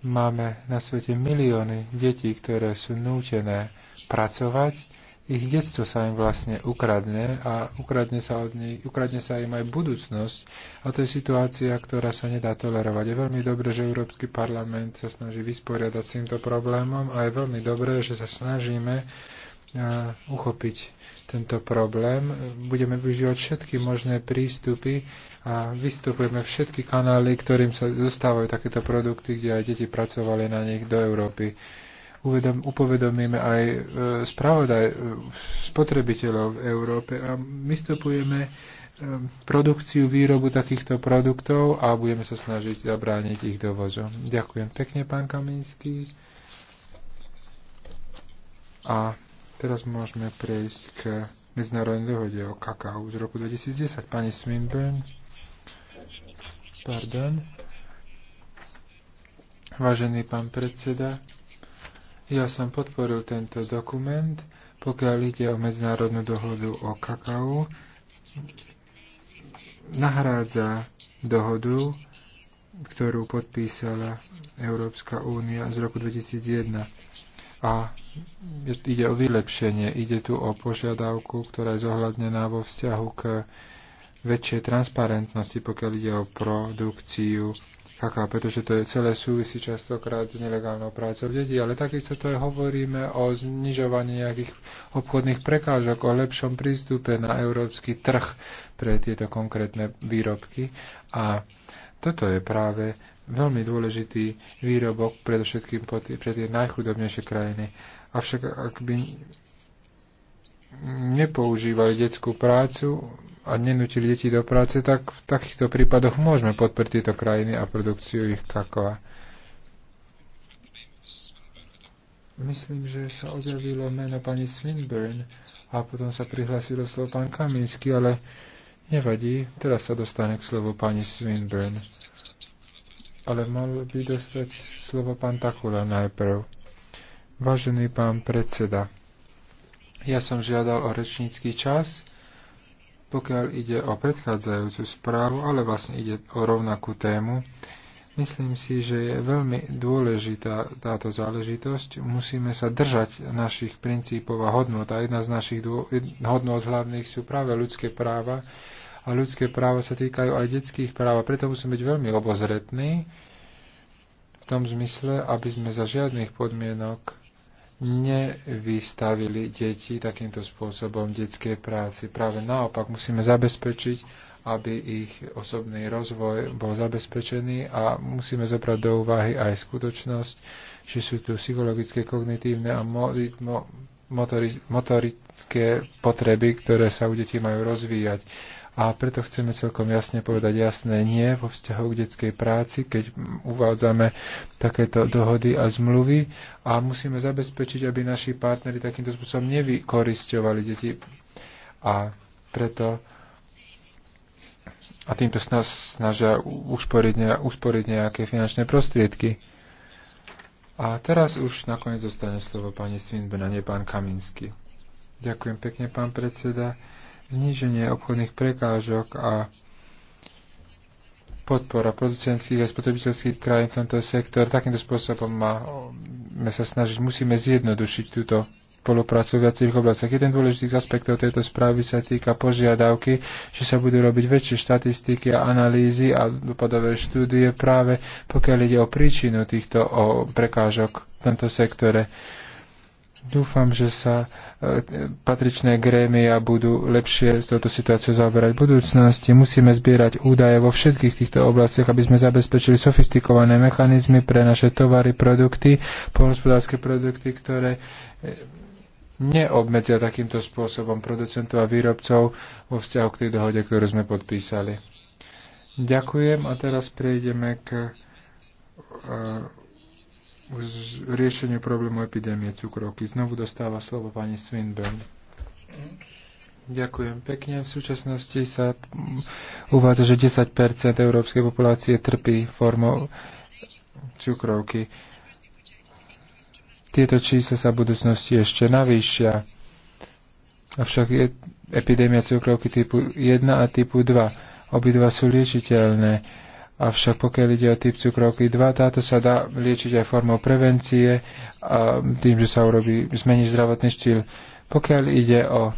Máme na svete milióny detí, ktoré sú nútené pracovať. Ich detstvo sa im vlastne ukradne a ukradne sa, od nej, ukradne sa im aj budúcnosť. A to je situácia, ktorá sa nedá tolerovať. Je veľmi dobré, že Európsky parlament sa snaží vysporiadať s týmto problémom a je veľmi dobré, že sa snažíme uchopiť tento problém. Budeme využívať všetky možné prístupy a vystupujeme všetky kanály, ktorým sa zostávajú takéto produkty, kde aj deti pracovali na nich do Európy. Uvedom, upovedomíme aj e, spravodaj e, spotrebiteľov v Európe a vystupujeme e, produkciu, výrobu takýchto produktov a budeme sa snažiť zabrániť ich dovozu. Ďakujem pekne, pán Kamínsky. A Teraz môžeme prejsť k medzinárodnej dohode o kakao z roku 2010. Pani Swinburne, pardon. Vážený pán predseda, ja som podporil tento dokument, pokiaľ ide o medzinárodnú dohodu o kakao. Nahrádza dohodu, ktorú podpísala Európska únia z roku 2001 a ide o vylepšenie. Ide tu o požiadavku, ktorá je zohľadnená vo vzťahu k väčšej transparentnosti, pokiaľ ide o produkciu kaká, pretože to je celé súvisí častokrát s nelegálnou prácou detí, ale takisto to aj hovoríme o znižovaní nejakých obchodných prekážok, o lepšom prístupe na európsky trh pre tieto konkrétne výrobky. A toto je práve veľmi dôležitý výrobok, predovšetkým pre tie najchudobnejšie krajiny. Avšak ak by nepoužívali detskú prácu a nenútili deti do práce, tak v takýchto prípadoch môžeme podporiť tieto krajiny a produkciu ich kakova. Myslím, že sa objavilo meno pani Swinburne a potom sa prihlásilo slovo pán Kaminsky, ale nevadí, teraz sa dostane k slovu pani Swinburne ale mal by dostať slovo pán Takula najprv. Vážený pán predseda, ja som žiadal o rečnícky čas, pokiaľ ide o predchádzajúcu správu, ale vlastne ide o rovnakú tému. Myslím si, že je veľmi dôležitá táto záležitosť. Musíme sa držať našich princípov a hodnot. A jedna z našich dô... hodnot hlavných sú práve ľudské práva, a ľudské práva sa týkajú aj detských práv. A preto musíme byť veľmi obozretní v tom zmysle, aby sme za žiadnych podmienok nevystavili deti takýmto spôsobom detskej práci. Práve naopak musíme zabezpečiť, aby ich osobný rozvoj bol zabezpečený a musíme zobrať do úvahy aj skutočnosť, že sú tu psychologické, kognitívne a mo, motorické potreby, ktoré sa u detí majú rozvíjať a preto chceme celkom jasne povedať jasné nie vo vzťahu k detskej práci, keď uvádzame takéto dohody a zmluvy a musíme zabezpečiť, aby naši partneri takýmto spôsobom nevykoristovali deti a preto a týmto snažia usporiť, usporiť nejaké finančné prostriedky. A teraz už nakoniec zostane slovo pani Svinbena, nie pán Kaminsky. Ďakujem pekne, pán predseda zníženie obchodných prekážok a podpora producentských a spotrebiteľských krajín v tomto sektore. Takýmto spôsobom máme sa snažiť, musíme zjednodušiť túto spoluprácu v viacerých oblastiach. Jeden z aspektov tejto správy sa týka požiadavky, že sa budú robiť väčšie štatistiky a analýzy a dopadové štúdie práve pokiaľ ide o príčinu týchto o prekážok v tomto sektore. Dúfam, že sa e, patričné grémia budú lepšie z touto situáciou zaoberať v budúcnosti. Musíme zbierať údaje vo všetkých týchto oblastiach, aby sme zabezpečili sofistikované mechanizmy pre naše tovary, produkty, polnospodárske produkty, ktoré e, neobmedzia takýmto spôsobom producentov a výrobcov vo vzťahu k tej dohode, ktorú sme podpísali. Ďakujem a teraz prejdeme k e, riešenie problému epidémie cukrovky. Znovu dostáva slovo pani Swinburne. Ďakujem pekne. V súčasnosti sa uvádza, že 10 európskej populácie trpí formou cukrovky. Tieto čísla sa v budúcnosti ešte navýšia. Avšak je epidémia cukrovky typu 1 a typu 2. Obidva sú liečiteľné Avšak pokiaľ ide o typ cukrovky 2, táto sa dá liečiť aj formou prevencie a tým, že sa urobí, zmeniť zdravotný štýl. Pokiaľ ide o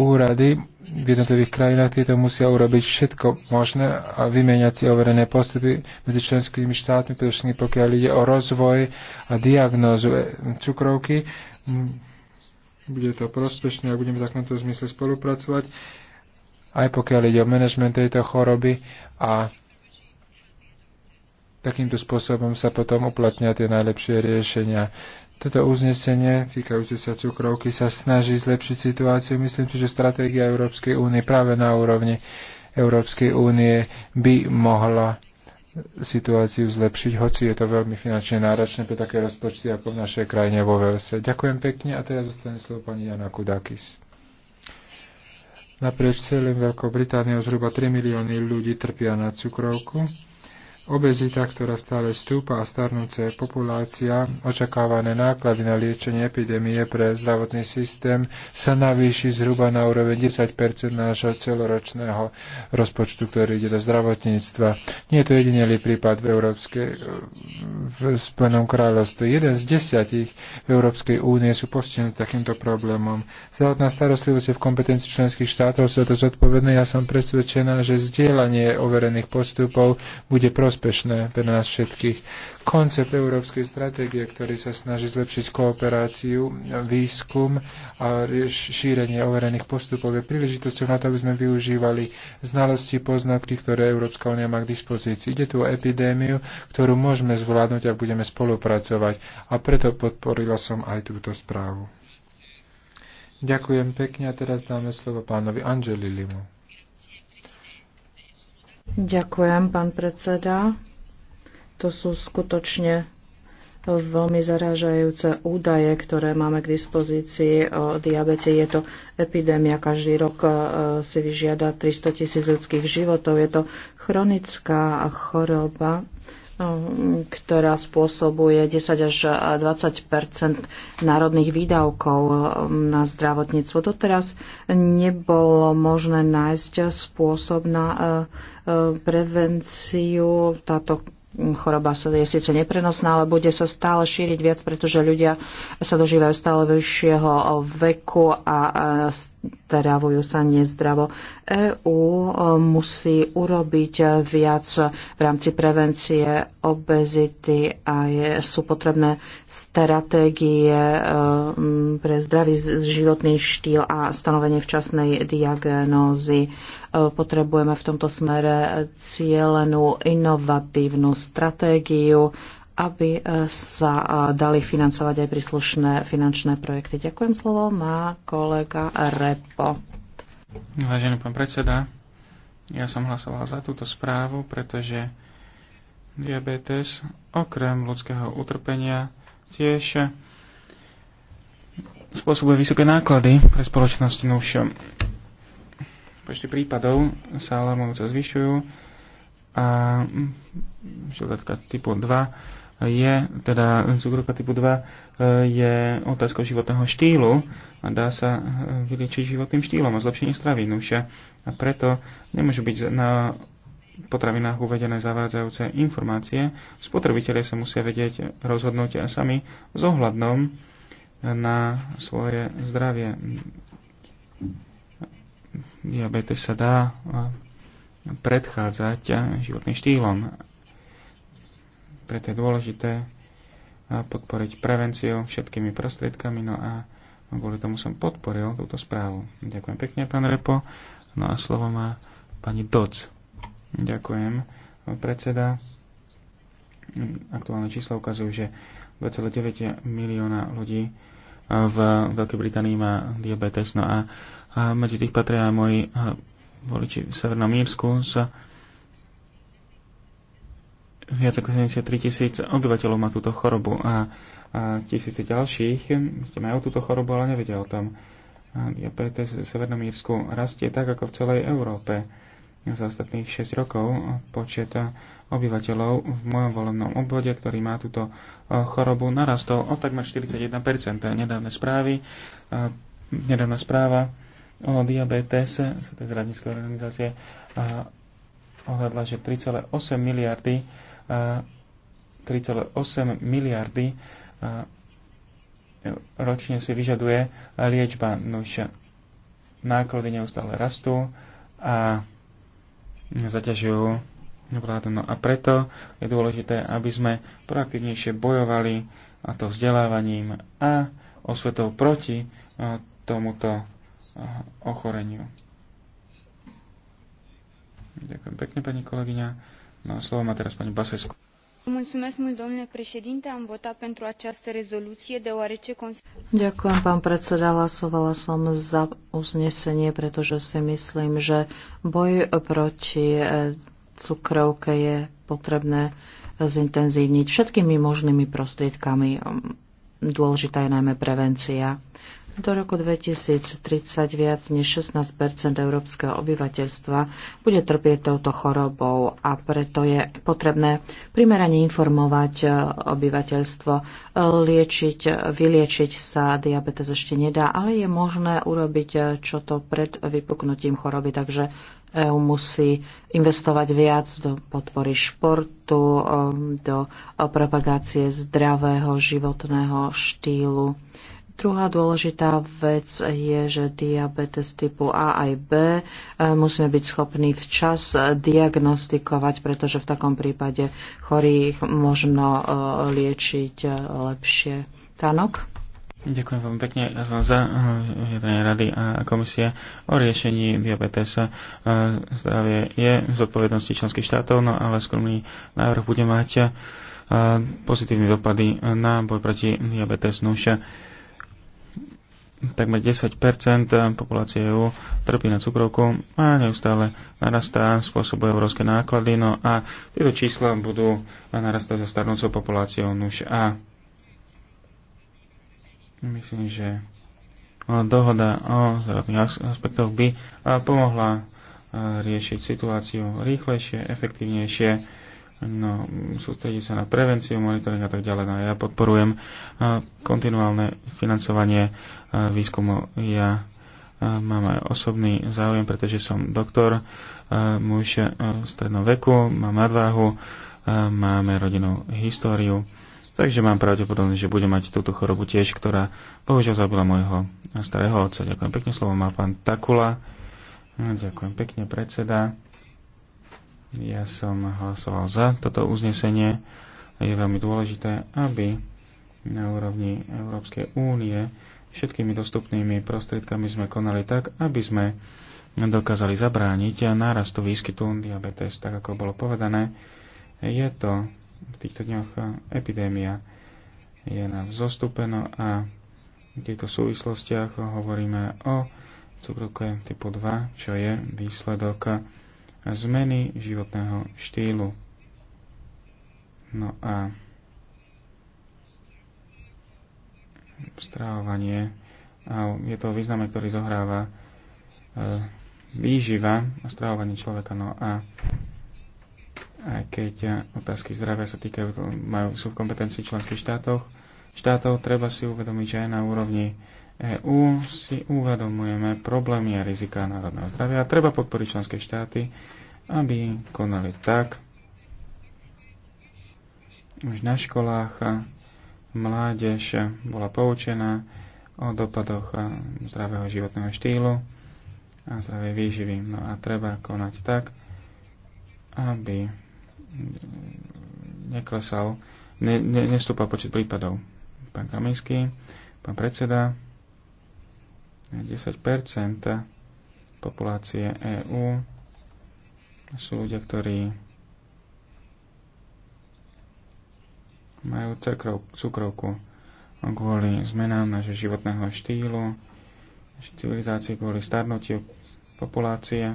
úrady v jednotlivých krajinách, tieto musia urobiť všetko možné a vymeniať si overené postupy medzi členskými štátmi, pretože pokiaľ ide o rozvoj a diagnózu e, cukrovky. Bude to prospešné, ak budeme v takomto zmysle spolupracovať, aj pokiaľ ide o manažment tejto choroby a takýmto spôsobom sa potom uplatňa tie najlepšie riešenia. Toto uznesenie týkajúce sa cukrovky sa snaží zlepšiť situáciu. Myslím si, že stratégia Európskej únie práve na úrovni Európskej únie by mohla situáciu zlepšiť, hoci je to veľmi finančne náročné pre také rozpočty ako v našej krajine vo Velse. Ďakujem pekne a teraz zostane slovo pani Jana Kudakis. Naprieč celým Veľkou Britániou zhruba 3 milióny ľudí trpia na cukrovku Obezita, ktorá stále stúpa a starnúce populácia, očakávané náklady na liečenie epidémie pre zdravotný systém sa navýši zhruba na úroveň 10 nášho celoročného rozpočtu, ktorý ide do zdravotníctva. Nie je to jedinelý prípad v Európskej v Spojenom kráľovstve. Jeden z desiatich v Európskej únie sú postihnutí takýmto problémom. Zdravotná starostlivosť je v kompetencii členských štátov, sú to zodpovedné. Ja som presvedčená, že zdieľanie overených postupov bude prospešné prospešné pre nás všetkých. Koncept európskej stratégie, ktorý sa snaží zlepšiť kooperáciu, výskum a šírenie overených postupov je príležitosťou na to, aby sme využívali znalosti, poznatky, ktoré Európska únia má k dispozícii. Ide tu o epidémiu, ktorú môžeme zvládnuť, a budeme spolupracovať. A preto podporila som aj túto správu. Ďakujem pekne a teraz dáme slovo pánovi Angelilimu. Ďakujem, pán predseda. To sú skutočne veľmi zarážajúce údaje, ktoré máme k dispozícii o diabete. Je to epidémia, každý rok e, si vyžiada 300 tisíc ľudských životov. Je to chronická choroba, e, ktorá spôsobuje 10 až 20 národných výdavkov e, na zdravotníctvo. Doteraz nebolo možné nájsť spôsob na prevenciu. Táto choroba je síce neprenosná, ale bude sa stále šíriť viac, pretože ľudia sa dožívajú stále vyššieho veku a stravujú sa nezdravo. EÚ e, musí urobiť viac v rámci prevencie obezity a je, sú potrebné stratégie e, pre zdravý životný štýl a stanovenie včasnej diagnózy. E, potrebujeme v tomto smere cielenú inovatívnu stratégiu aby e, sa e, dali financovať aj príslušné finančné projekty. Ďakujem slovo, má kolega Repo. Vážený pán predseda, ja som hlasoval za túto správu, pretože diabetes okrem ľudského utrpenia tiež spôsobuje vysoké náklady pre spoločnosť nušom. Počty prípadov sa alarmujúce zvyšujú a žildatka mm, typu 2 je, teda cukrovka typu 2 e, je otázka životného štýlu a dá sa e, vyliečiť životným štýlom a zlepšenie stravy. Nuša. A preto nemôžu byť na potravinách uvedené zavádzajúce informácie. Spotrebitelia sa musia vedieť rozhodnúť a sami s ohľadom na svoje zdravie. Diabetes sa dá predchádzať životným štýlom preto je dôležité podporiť prevenciu všetkými prostriedkami. No a kvôli tomu som podporil túto správu. Ďakujem pekne, pán Repo. No a slovo má pani Doc. Ďakujem, predseda. Aktuálne čísla ukazujú, že 2,9 milióna ľudí v Veľkej Británii má diabetes. No a medzi tých patria aj moji voliči v Severnom Írsku So viac ako 73 tisíc obyvateľov má túto chorobu a, a tisíce ďalších majú túto chorobu, ale nevedia o tom. A diabetes v Severnom Írsku rastie tak, ako v celej Európe. Za ostatných 6 rokov počet obyvateľov v mojom volebnom obvode, ktorý má túto e, chorobu, narastol o takmer 41%. Nedávne správy, e, nedávna správa o diabetes sa tej zdravníckej organizácie e, ohľadla, že 3,8 miliardy 3,8 miliardy ročne si vyžaduje liečba. Nuž náklady neustále rastú a zaťažujú vládu. No a preto je dôležité, aby sme proaktívnejšie bojovali a to vzdelávaním a osvetou proti tomuto ochoreniu. Ďakujem pekne, pani kolegyňa. No, slovo má teraz pani Basescu. Ďakujem, pán predseda. Hlasovala som za uznesenie, pretože si myslím, že boj proti eh, cukrovke je potrebné zintenzívniť všetkými možnými prostriedkami. Dôležitá je najmä prevencia. Do roku 2030 viac než 16 európskeho obyvateľstva bude trpieť touto chorobou a preto je potrebné primerane informovať e, obyvateľstvo. E, liečiť, vyliečiť sa diabetes ešte nedá, ale je možné urobiť e, čo to pred vypuknutím choroby, takže EU musí investovať viac do podpory športu, do propagácie zdravého životného štýlu. Druhá dôležitá vec je, že diabetes typu A aj B e, musíme byť schopní včas diagnostikovať, pretože v takom prípade chorých možno e, liečiť e, lepšie. Tanok? Ďakujem veľmi pekne za vyjadrenie rady a komisie o riešení diabetesa. Zdravie je v zodpovednosti členských štátov, no ale skromný návrh bude mať pozitívne dopady na boj proti diabetesu takmer 10 populácie EU trpí na cukrovku a neustále narastá, spôsobuje európske náklady, no a tieto čísla budú narastať za starnúcou populáciou nuž a myslím, že dohoda o zdravotných aspektoch by pomohla riešiť situáciu rýchlejšie, efektívnejšie no, sústredí sa na prevenciu, monitoring a tak ďalej. No, ja podporujem kontinuálne financovanie výskumu. Ja mám aj osobný záujem, pretože som doktor, muž v strednom veku, mám nadváhu, máme rodinnú históriu, takže mám pravdepodobne, že budem mať túto chorobu tiež, ktorá bohužiaľ zabila môjho starého otca. Ďakujem pekne, slovo má pán Takula. No, ďakujem pekne, predseda. Ja som hlasoval za toto uznesenie. Je veľmi dôležité, aby na úrovni Európskej únie všetkými dostupnými prostriedkami sme konali tak, aby sme dokázali zabrániť nárastu výskytu diabetes, tak ako bolo povedané. Je to v týchto dňoch epidémia je na vzostupeno a v týchto súvislostiach hovoríme o cukrovke typu 2, čo je výsledok zmeny životného štýlu. No a strávovanie. A je to význam, ktorý zohráva e, výživa a strávovanie človeka. No a aj keď otázky zdravia sa týkajú, majú, sú v kompetencii členských štátoch, štátov, treba si uvedomiť, že aj na úrovni EÚ si uvedomujeme problémy a riziká národného zdravia a treba podporiť členské štáty, aby konali tak už na školách mládež bola poučená o dopadoch zdravého životného štýlu a zdravej výživy. No a treba konať tak, aby neklesal, ne, ne, nestúpal počet prípadov. Pán Kaminský, pán predseda, 10 populácie EÚ sú ľudia, ktorí majú cerkrov, cukrovku kvôli zmenám nášho životného štýlu, civilizácii civilizácie, kvôli starnutiu populácie.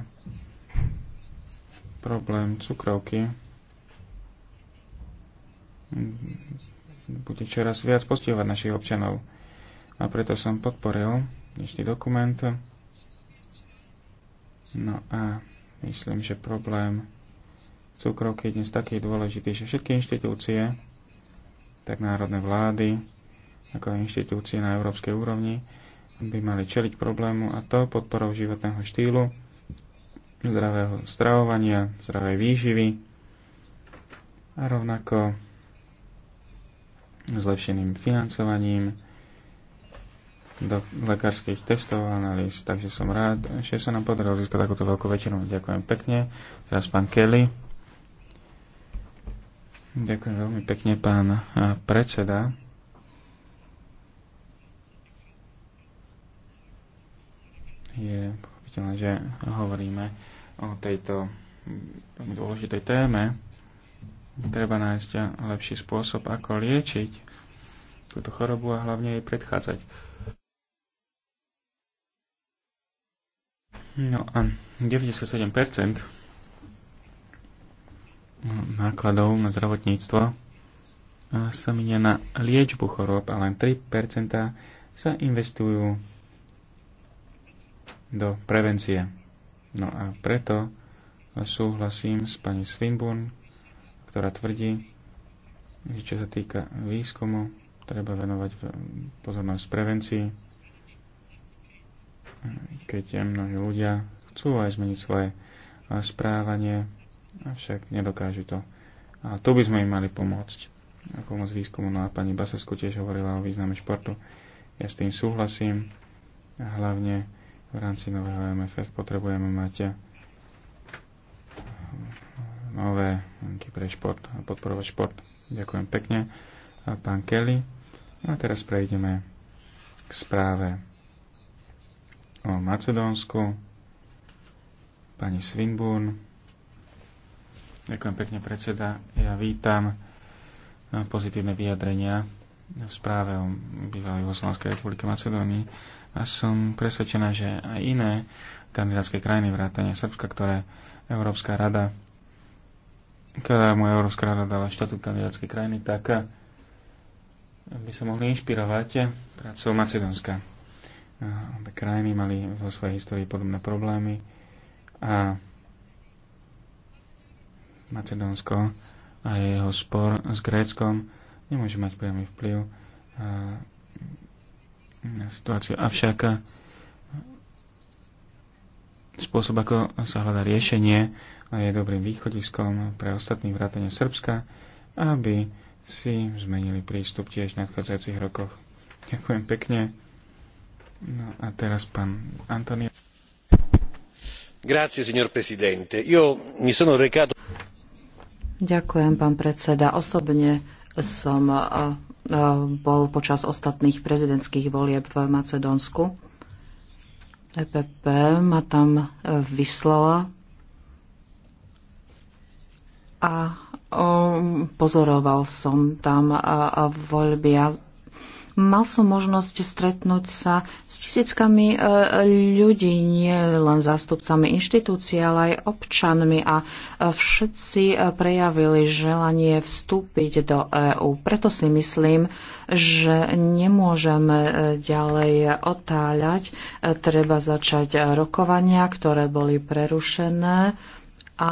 Problém cukrovky bude čoraz viac postihovať našich občanov. A preto som podporil dnešný dokument. No a myslím, že problém cukrovky je dnes taký dôležitý, že všetky inštitúcie, tak národné vlády, ako inštitúcie na európskej úrovni, by mali čeliť problému a to podporou životného štýlu, zdravého stravovania, zdravej výživy a rovnako zlepšeným financovaním do lekárskych testov a analýz. Takže som rád, že sa nám podarilo získať takúto veľkú večeru. Ďakujem pekne. Teraz pán Kelly. Ďakujem veľmi pekne, pán predseda. Je pochopiteľné, že hovoríme o tejto veľmi dôležitej téme. Treba nájsť lepší spôsob, ako liečiť túto chorobu a hlavne jej predchádzať. No a 97% nákladov na zdravotníctvo sa minia na liečbu chorób a len 3% sa investujú do prevencie. No a preto súhlasím s pani Swinburne, ktorá tvrdí, že čo sa týka výskumu, treba venovať pozornosť prevencii keď mnohí ľudia chcú aj zmeniť svoje správanie, avšak nedokážu to. A tu by sme im mali pomôcť. A pomôcť výskumu. No a pani Basesku tiež hovorila o význame športu. Ja s tým súhlasím. A hlavne v rámci nového MFF potrebujeme mať nové linky pre šport a podporovať šport. Ďakujem pekne, a pán Kelly. A teraz prejdeme k správe o Macedónsku. Pani Svinbún. Ďakujem pekne, predseda. Ja vítam no, pozitívne vyjadrenia v správe o bývalej Jugoslovanskej republike Macedónii a som presvedčená, že aj iné kandidátske krajiny vrátania Srbska, ktoré Európska rada ktorá mu Európska rada dala štatú kandidátskej krajiny, tak by sa mohli inšpirovať prácou Macedónska obe krajiny mali vo svojej histórii podobné problémy a Macedónsko a jeho spor s Gréckom nemôže mať priamy vplyv na situáciu. Avšak spôsob, ako sa hľadá riešenie, je dobrým východiskom pre ostatných vrátane Srbska, aby si zmenili prístup tiež v nadchádzajúcich rokoch. Ďakujem pekne. No, Ďakujem, pán predseda. Osobne som e, e, bol počas ostatných prezidentských volieb v Macedónsku. EPP ma tam vyslala a pozoroval som tam e, voľby. Ja Mal som možnosť stretnúť sa s tisíckami e, ľudí, nie len zástupcami inštitúcií, ale aj občanmi a e, všetci e, prejavili želanie vstúpiť do EÚ. Preto si myslím, že nemôžeme ďalej otáľať. Treba začať rokovania, ktoré boli prerušené a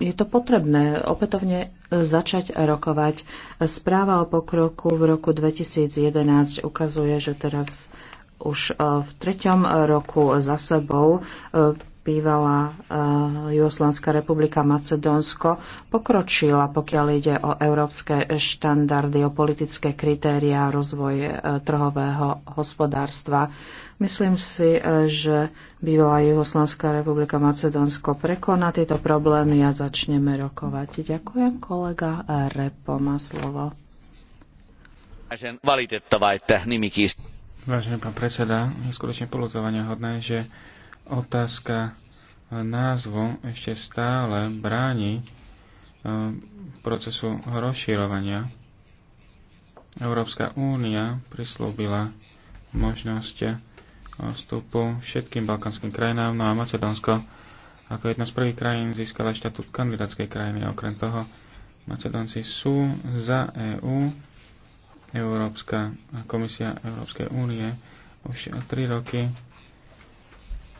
je to potrebné opätovne začať rokovať. Správa o pokroku v roku 2011 ukazuje, že teraz už e, v treťom roku za sebou e, bývalá e, Jugoslánska republika Macedónsko pokročila, pokiaľ ide o európske štandardy, o politické kritéria, rozvoj trhového hospodárstva. Myslím si, eh, že bývalá Juhoslánska republika Macedónsko prekoná tieto problémy a začneme rokovať. Ďakujem, kolega Repo má slovo. Vážený pán predseda, je skutočne polutovania hodné, že otázka názvu ešte stále bráni eh, procesu rozširovania. Európska únia prislúbila možnosť vstupu všetkým balkánskym krajinám, no a Macedónsko ako jedna z prvých krajín získala štatút kandidátskej krajiny. Okrem toho, Macedónci sú za EÚ. Európska komisia Európskej únie už 3 roky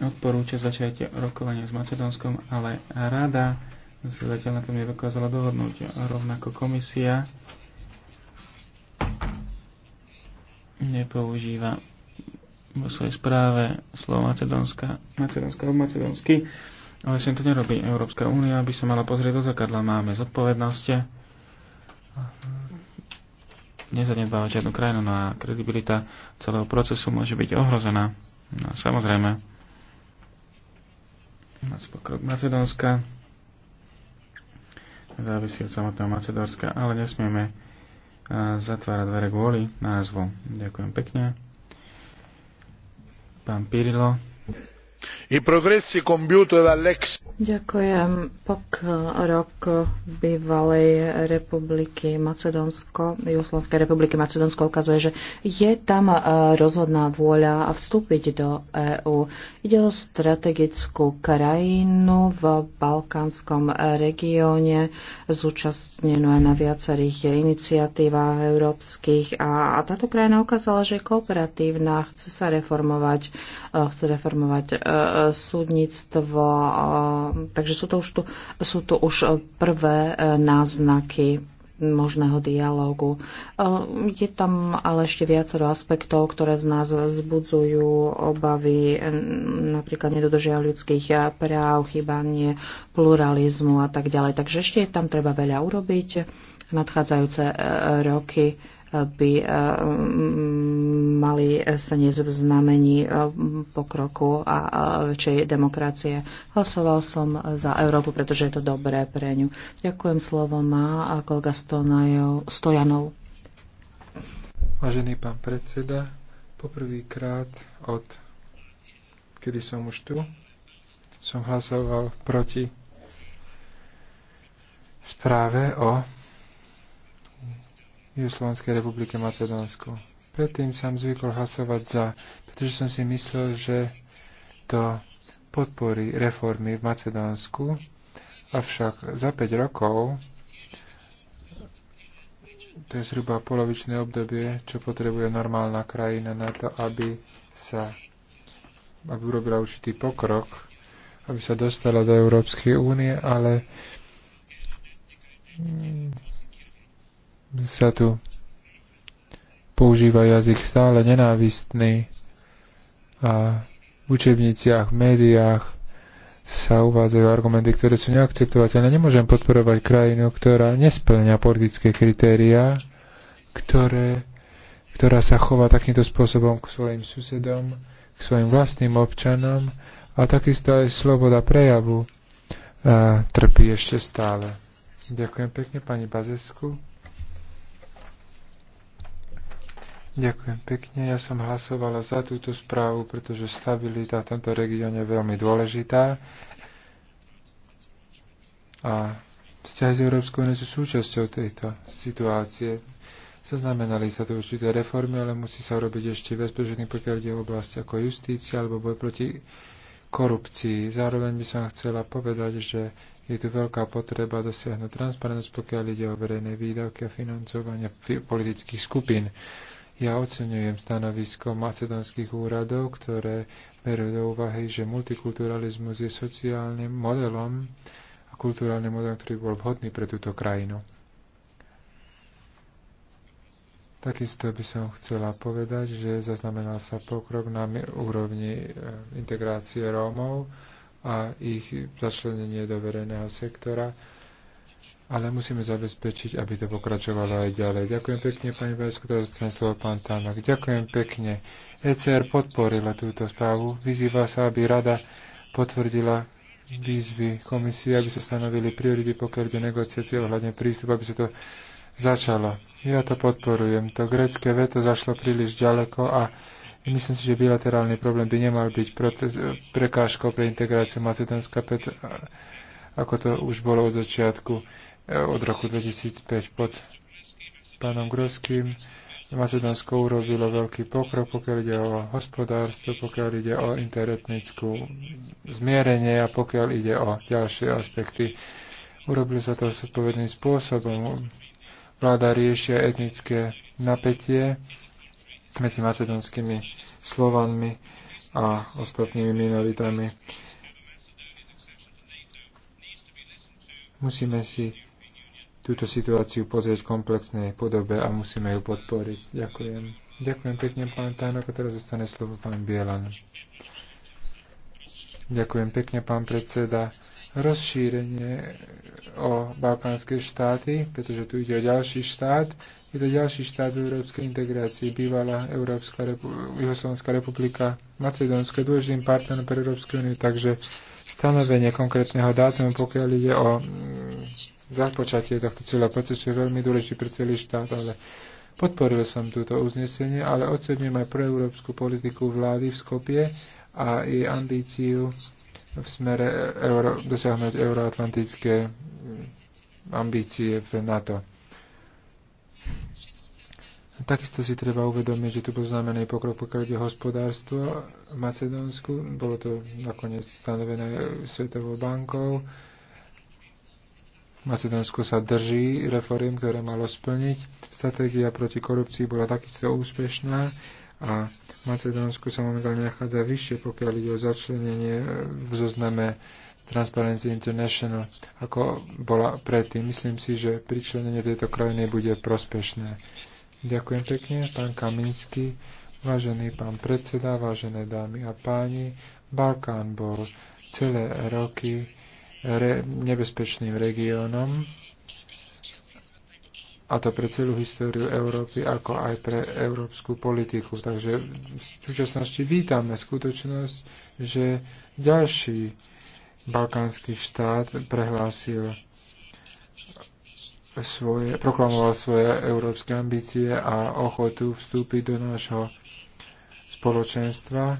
odporúča začať rokovanie s Macedónskom, ale rada sa zatiaľ na tom nedokázala dohodnúť. Rovnako komisia nepoužíva vo svojej správe slovo Macedónska, Macedónska od Macedónsky, ale sem to nerobí. Európska únia by sa mala pozrieť do zakadla. Máme zodpovednosť nezanedbávať žiadnu krajinu, no a kredibilita celého procesu môže byť ohrozená. No samozrejme, pokrok Macedónska závisí od samotného Macedónska, ale nesmieme zatvárať dvere kvôli názvu. Ďakujem pekne. Pán Pirilo. I progressi compiuti dall'ex. Ďakujem. Pokrok bývalej republiky Macedónsko, Jugoslavskej republiky Macedónsko ukazuje, že je tam e, rozhodná vôľa vstúpiť do EÚ. Ide o strategickú krajinu v balkánskom regióne, zúčastnenú aj na viacerých iniciatívach európskych a, a táto krajina ukázala, že je kooperatívna, chce sa reformovať, e, chce reformovať e, súdnictvo. Eh, takže sú to už, tu, sú tu už eh, prvé eh, náznaky možného dialógu. Je tam ale ešte viacero aspektov, ktoré z nás zbudzujú obavy, napríklad nedodržia ľudských práv, chýbanie pluralizmu a tak ďalej. Takže ešte je tam treba veľa urobiť nadchádzajúce roky by eh, mali sa niesť v znamení eh, pokroku a eh, väčšej demokracie. Hlasoval som za Európu, pretože je to dobré pre ňu. Ďakujem slovo má a kolega Stojanov. Vážený pán predseda, poprvýkrát od kedy som už tu, som hlasoval proti správe o Jugoslovanskej republike Macedónsku. Predtým som zvykol hlasovať za, pretože som si myslel, že to podporí reformy v Macedónsku, avšak za 5 rokov, to je zhruba polovičné obdobie, čo potrebuje normálna krajina na to, aby sa aby urobila určitý pokrok, aby sa dostala do Európskej únie, ale sa tu používa jazyk stále nenávistný a v učebniciach, v médiách sa uvádzajú argumenty, ktoré sú neakceptovateľné. Nemôžem podporovať krajinu, ktorá nesplňa politické kritériá, ktoré, ktorá sa chová takýmto spôsobom k svojim susedom, k svojim vlastným občanom a takisto aj sloboda prejavu a, eh, trpí ešte stále. Ďakujem pekne pani Bazesku. Ďakujem pekne. Ja som hlasovala za túto správu, pretože stabilita v tomto regióne je veľmi dôležitá. A vzťahy z Európskou sú súčasťou tejto situácie. Zaznamenali sa tu určité reformy, ale musí sa urobiť ešte viac, pokiaľ ide o oblasti ako justícia alebo boj proti korupcii. Zároveň by som chcela povedať, že je tu veľká potreba dosiahnuť transparentnosť, pokiaľ ide o verejné výdavky a financovanie politických skupín. Ja oceňujem stanovisko macedónskych úradov, ktoré berú do úvahy, že multikulturalizmus je sociálnym modelom a kulturálnym modelom, ktorý bol vhodný pre túto krajinu. Takisto by som chcela povedať, že zaznamenal sa pokrok na úrovni e, integrácie Rómov a ich začlenenie do verejného sektora ale musíme zabezpečiť, aby to pokračovalo aj ďalej. Ďakujem pekne, pani Vajsku, to je slovo pán Tánok. Ďakujem pekne. ECR podporila túto správu. Vyzýva sa, aby rada potvrdila výzvy komisie, aby sa stanovili priority, pokiaľ ide negociácie ohľadne prístup, aby sa to začalo. Ja to podporujem. To grecké veto zašlo príliš ďaleko a myslím si, že bilaterálny problém by nemal byť prekážkou pre integráciu Macedónska ako to už bolo od začiatku od roku 2005 pod pánom Groským. Macedónsko urobilo veľký pokrok, pokiaľ ide o hospodárstvo, pokiaľ ide o interetnickú zmierenie a pokiaľ ide o ďalšie aspekty. Urobilo sa to zodpovedným spôsobom. Vláda riešia etnické napätie medzi macedónskymi Slovanmi a ostatnými minoritami. Musíme si túto situáciu pozrieť v komplexnej podobe a musíme ju podporiť. Ďakujem. Ďakujem pekne, pán Tánok. A teraz zostane slovo pán Bielan. Ďakujem pekne, pán predseda. Rozšírenie o balkánske štáty, pretože tu ide o ďalší štát, je to ďalší štát v európskej integrácii, bývalá Európska repu- republika, Macedónska je dôležitým partnerom pre Európsku úniu. takže stanovenie konkrétneho dátumu, pokiaľ ide o mm, započatie tohto celého procesu, je veľmi dôležitý pre celý štát, ale podporil som túto uznesenie, ale ocenujem aj proeurópsku politiku vlády v Skopie a jej ambíciu v smere euro, dosiahnuť euroatlantické mm, ambície v NATO. Takisto si treba uvedomiť, že tu bol znamený pokrok, pokiaľ ide hospodárstvo v Macedónsku. Bolo to nakoniec stanovené Svetovou bankou. Macedónsko sa drží reforiem, ktoré malo splniť. Stratégia proti korupcii bola takisto úspešná a Macedónsko sa momentálne nachádza vyššie, pokiaľ ide o začlenenie v zozname Transparency International, ako bola predtým. Myslím si, že pričlenenie tejto krajiny bude prospešné. Ďakujem pekne, pán Kaminsky, vážený pán predseda, vážené dámy a páni. Balkán bol celé roky re- nebezpečným regiónom, a to pre celú históriu Európy, ako aj pre európsku politiku. Takže v súčasnosti vítame skutočnosť, že ďalší balkánsky štát prehlásil svoje, proklamoval svoje európske ambície a ochotu vstúpiť do nášho spoločenstva,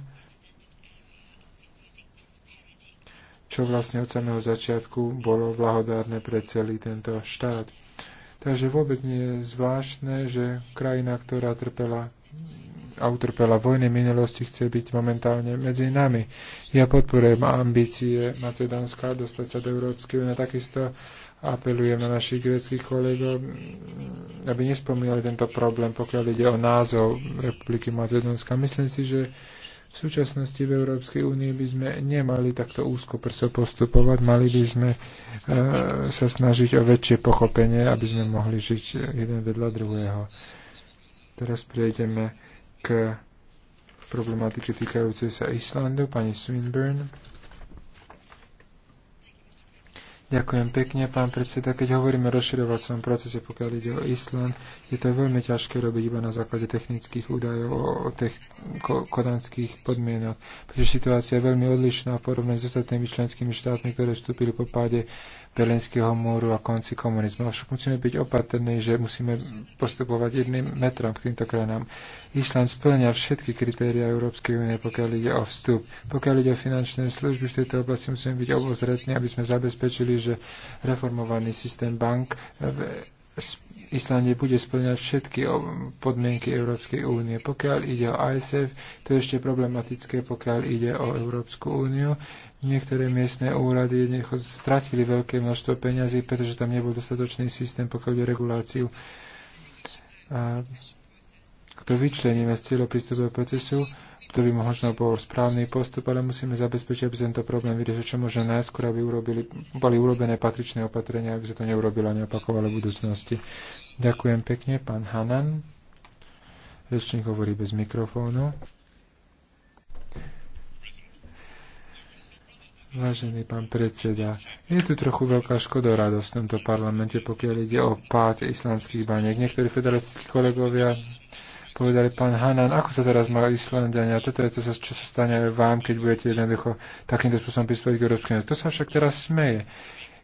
čo vlastne od samého začiatku bolo vlahodárne pre celý tento štát. Takže vôbec nie je zvláštne, že krajina, ktorá trpela a utrpela vojny minulosti, chce byť momentálne medzi nami. Ja podporujem ambície Macedónska dostať sa do Európskej únie, takisto apelujem na našich greckých kolegov, aby nespomínali tento problém, pokiaľ ide o názov Republiky Macedónska. Myslím si, že v súčasnosti v Európskej únii by sme nemali takto úzko prso postupovať, mali by sme e, sa snažiť o väčšie pochopenie, aby sme mohli žiť jeden vedľa druhého. Teraz prejdeme k problematike týkajúcej sa Islandu, pani Swinburne. Ďakujem pekne, pán predseda. Keď hovoríme o rozširovacom procese, pokiaľ ide o Island, je to veľmi ťažké robiť iba na základe technických údajov o tých kodanských podmienok, pretože situácia je veľmi odlišná v porovnaní s ostatnými členskými štátmi, ktoré vstúpili po páde Berlínskeho múru a konci komunizmu. Avšak musíme byť opatrní, že musíme postupovať jedným metrom k týmto krajinám. Island splňa všetky kritéria Európskej únie, pokiaľ ide o vstup. Pokiaľ ide o finančné služby v tejto oblasti, musíme byť obozretní, aby sme zabezpečili, že reformovaný systém bank v Islande bude splňať všetky podmienky Európskej únie. Pokiaľ ide o ISF, to je ešte problematické, pokiaľ ide o Európsku úniu niektoré miestne úrady stratili veľké množstvo peňazí, pretože tam nebol dostatočný systém pokiaľ reguláciu. A kto vyčleníme z cieľov prístupového procesu, to by možno bol správny postup, ale musíme zabezpečiť, aby tento problém vyriešil čo možno najskôr, aby urobili, boli urobené patričné opatrenia, aby sa to neurobilo a neopakovalo v budúcnosti. Ďakujem pekne, pán Hanan. Rečník hovorí bez mikrofónu. Vážený pán predseda, je tu trochu veľká škoda radosť v tomto parlamente, pokiaľ ide o pád islandských baniek. Niektorí federalistickí kolegovia povedali, pán Hanan, ako sa teraz má Islandania? Toto je to, čo sa stane vám, keď budete jednoducho takýmto spôsobom prispôsobiť k Európskej To sa však teraz smeje.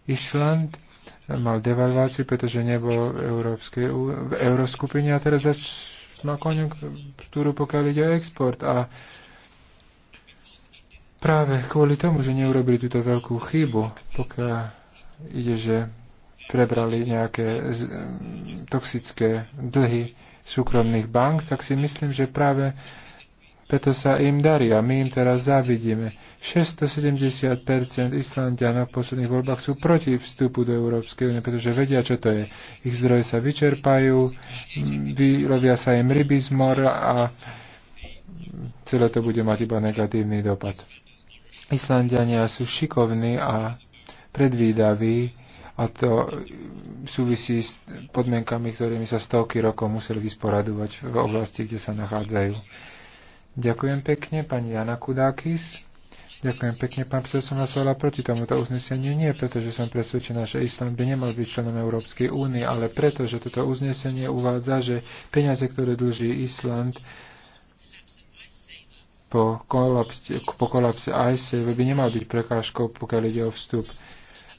Island mal devalváciu, pretože nebol v, Európskej, v euroskupine a teraz zač- má konjunktúru, pokiaľ ide o export. A práve kvôli tomu, že neurobili túto veľkú chybu, pokiaľ ide, že prebrali nejaké z, toxické dlhy súkromných bank, tak si myslím, že práve preto sa im darí a my im teraz závidíme. 670% Islandianov v posledných voľbách sú proti vstupu do Európskej únie, pretože vedia, čo to je. Ich zdroje sa vyčerpajú, vylovia sa im ryby z mora a celé to bude mať iba negatívny dopad. Islandiania sú šikovní a predvídaví a to súvisí s podmienkami, ktorými sa stovky rokov museli vysporadovať v oblasti, kde sa nachádzajú. Ďakujem pekne, pani Jana Kudákis. Ďakujem pekne, pán predseda, som hlasovala proti tomuto uzneseniu. Nie pretože som presvedčená, že Island by nemal byť členom Európskej únie, ale preto, že toto uznesenie uvádza, že peniaze, ktoré dlží Island, po kolapse, po kolapse ICE by nemal byť prekážkou, pokiaľ ide o vstup.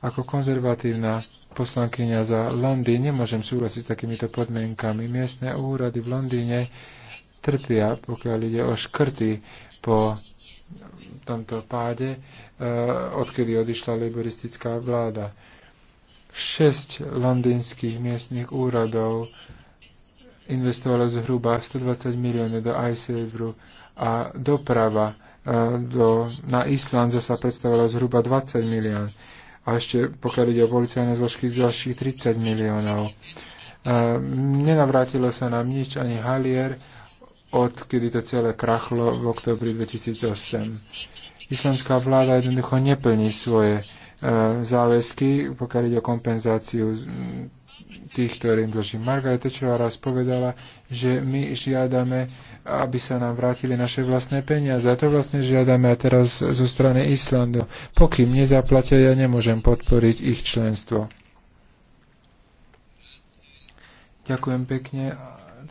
Ako konzervatívna poslankyňa za Londýn nemôžem súhlasiť s takýmito podmienkami. Miestne úrady v Londýne trpia, pokiaľ ide o škrty po tomto páde, eh, odkedy odišla liberistická vláda. Šesť londýnskych miestnych úradov investovalo zhruba 120 miliónov do ICE a doprava e, do, na Island sa predstavovalo zhruba 20 milión a ešte pokiaľ ide o policajné zložky ďalších 30 miliónov. E, nenavrátilo sa nám nič ani halier, odkedy to celé krachlo v oktobri 2008. Islamská vláda jednoducho neplní svoje e, záväzky, pokiaľ ide o kompenzáciu tých, ktorým dlží. Margaret Tečová raz povedala, že my žiadame aby sa nám vrátili naše vlastné peniaze. A to vlastne žiadame a teraz zo strany Islandu. Pokým nezaplatia, ja nemôžem podporiť ich členstvo. Ďakujem pekne.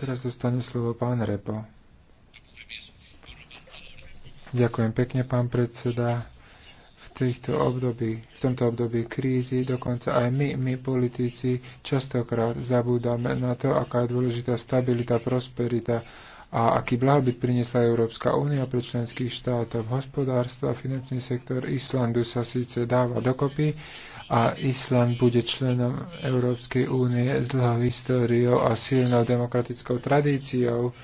Teraz dostane slovo pán Repo. Ďakujem pekne, pán predseda týchto období, v tomto období krízy, dokonca aj my, my politici, častokrát zabúdame na to, aká je dôležitá stabilita, prosperita a aký blahobyt priniesla Európska únia pre členských štátov. Hospodárstvo a finančný sektor Islandu sa síce dáva dokopy a Island bude členom Európskej únie s dlhou históriou a silnou demokratickou tradíciou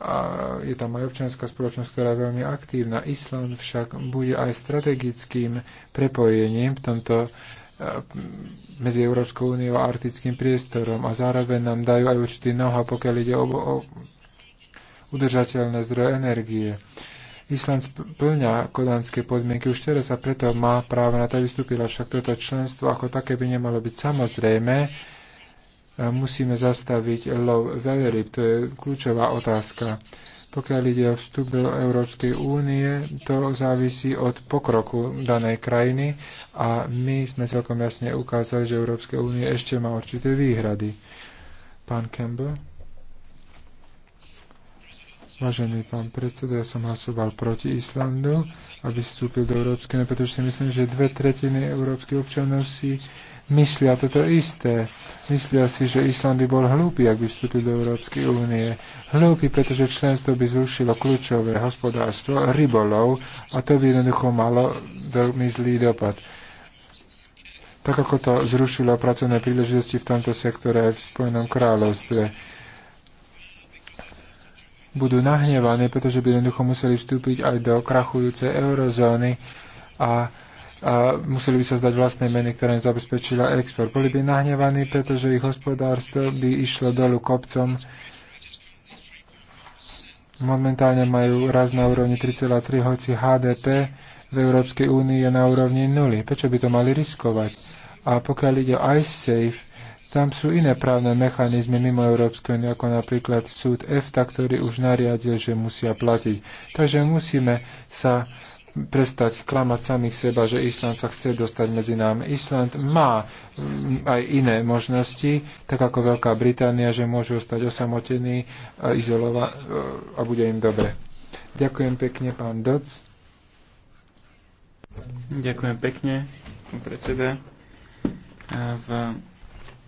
a je tam aj občianská spoločnosť, ktorá je veľmi aktívna. Island však bude aj strategickým prepojením v tomto e, medzi Európskou úniou a arktickým priestorom a zároveň nám dajú aj určitý noha, pokiaľ ide o, o udržateľné zdroje energie. Island splňa kodanské podmienky už teraz a preto má právo na to vystúpila, však toto členstvo ako také by nemalo byť samozrejme, musíme zastaviť lov veľryb. To je kľúčová otázka. Pokiaľ ide o vstup do Európskej únie, to závisí od pokroku danej krajiny a my sme celkom jasne ukázali, že Európska únie ešte má určité výhrady. Pán Campbell? Vážený pán predseda, ja som hlasoval proti Islandu, aby vstúpil do Európskej, pretože si myslím, že dve tretiny európskych občanov si myslia toto isté. Myslia si, že Island by bol hlúpy, ak by vstúpil do Európskej únie. Hlúpy, pretože členstvo by zrušilo kľúčové hospodárstvo, rybolov a to by jednoducho malo veľmi zlý dopad. Tak ako to zrušilo pracovné príležitosti v tomto sektore aj v Spojenom kráľovstve budú nahnevaní, pretože by jednoducho museli vstúpiť aj do krachujúcej eurozóny a, a museli by sa zdať vlastnej meny, ktorá im zabezpečila export. Boli by nahnevaní, pretože ich hospodárstvo by išlo dolu kopcom. Momentálne majú raz na úrovni 3,3, hoci HDP v Európskej únii je na úrovni 0. Prečo by to mali riskovať? A pokiaľ ide o iSafe, tam sú iné právne mechanizmy mimo Európskej únie, ako napríklad súd EFTA, ktorý už nariadil, že musia platiť. Takže musíme sa prestať klamať samých seba, že Island sa chce dostať medzi nám. Island má mm, aj iné možnosti, tak ako Veľká Británia, že môžu ostať osamotení a izolova- e, a bude im dobre. Ďakujem pekne, pán Doc. Ďakujem pekne, pán predseda. V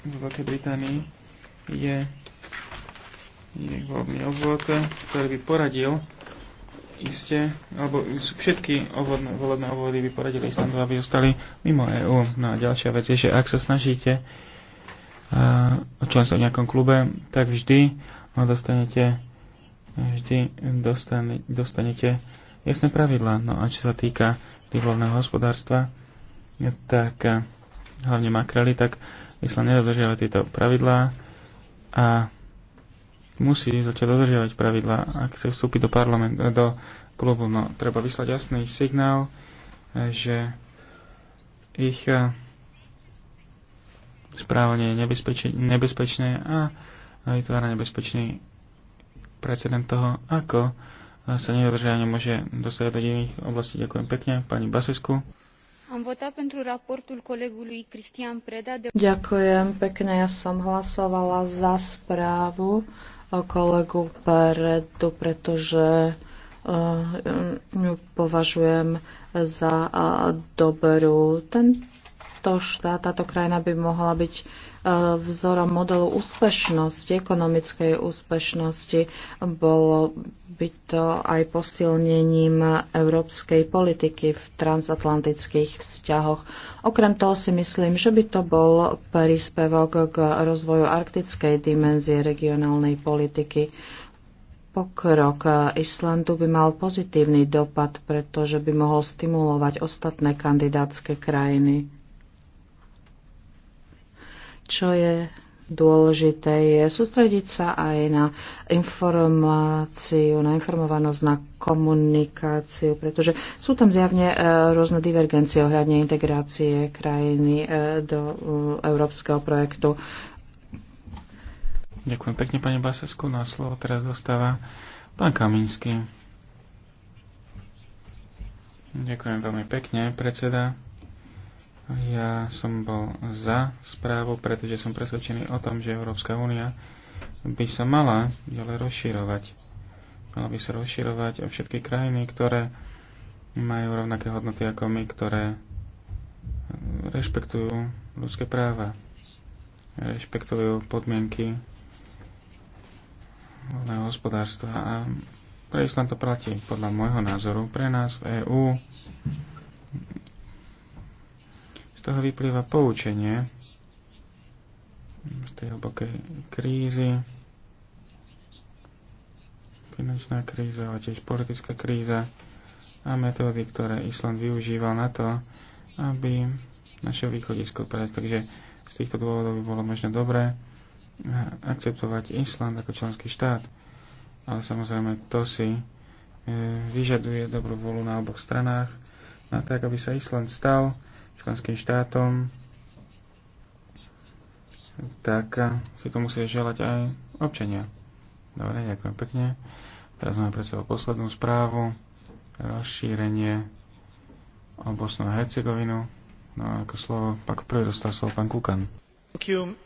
v Veľkej Británii je, je voľbný obvod, ktorý by poradil iste, alebo všetky obvodné, volebné obvody by poradili Islandu, aby ostali mimo EÚ. No a ďalšia vec je, že ak sa snažíte o členstvo v nejakom klube, tak vždy no, dostanete vždy dostane, dostanete jasné pravidlá. No a čo sa týka rybolovného hospodárstva, tak hlavne makrely, tak Island nedodržiava tieto pravidlá a musí začať dodržiavať pravidlá, ak chce vstúpiť do parlamentu, do klubu. No, treba vyslať jasný signál, že ich eh, správanie je nebezpečné, nebezpečné a vytvára nebezpečný precedent toho, ako sa nedodržiavanie môže dostať do iných oblastí. Ďakujem pekne, pani Basesku. Am votat pentru raportul colegului Cristian Preda. De... Ďakujem pekne, ja som hlasovala za správu eh, kolegu Predu, pretože eh, ju považujem za eh, dobrú. Tento štát, táto krajina by mohla byť vzorom modelu úspešnosti, ekonomickej úspešnosti. Bolo by to aj posilnením európskej politiky v transatlantických vzťahoch. Okrem toho si myslím, že by to bol príspevok k rozvoju arktickej dimenzie regionálnej politiky pokrok Islandu by mal pozitívny dopad, pretože by mohol stimulovať ostatné kandidátske krajiny. Čo je dôležité, je sústrediť sa aj na informáciu, na informovanosť, na komunikáciu, pretože sú tam zjavne e, rôzne divergencie ohľadne integrácie krajiny e, do e, európskeho projektu. Ďakujem pekne, pani Basesku. Na slovo teraz dostáva pán Kamínsky. Ďakujem veľmi pekne, predseda. Ja som bol za správu, pretože som presvedčený o tom, že Európska únia by sa mala ďalej rozširovať. Mala by sa rozširovať o všetky krajiny, ktoré majú rovnaké hodnoty ako my, ktoré eh, rešpektujú ľudské práva, rešpektujú podmienky voľného hospodárstva a pre Island to platí podľa môjho názoru. Pre nás v EÚ toho vyplýva poučenie z tej hlbokej krízy, finančná kríza, ale tiež politická kríza a metódy, ktoré Island využíval na to, aby naše východisko prejsť. Takže z týchto dôvodov by bolo možno dobré akceptovať Island ako členský štát, ale samozrejme to si e, vyžaduje dobrú volu na oboch stranách, na tak, aby sa Island stal členským štátom, tak si to musia želať aj občania. Dobre, ďakujem pekne. Teraz máme pred sebou poslednú správu. Rozšírenie o Bosnu a Hercegovinu. No a ako slovo, ako prvý dostal slovo pán Kukan. Thank you.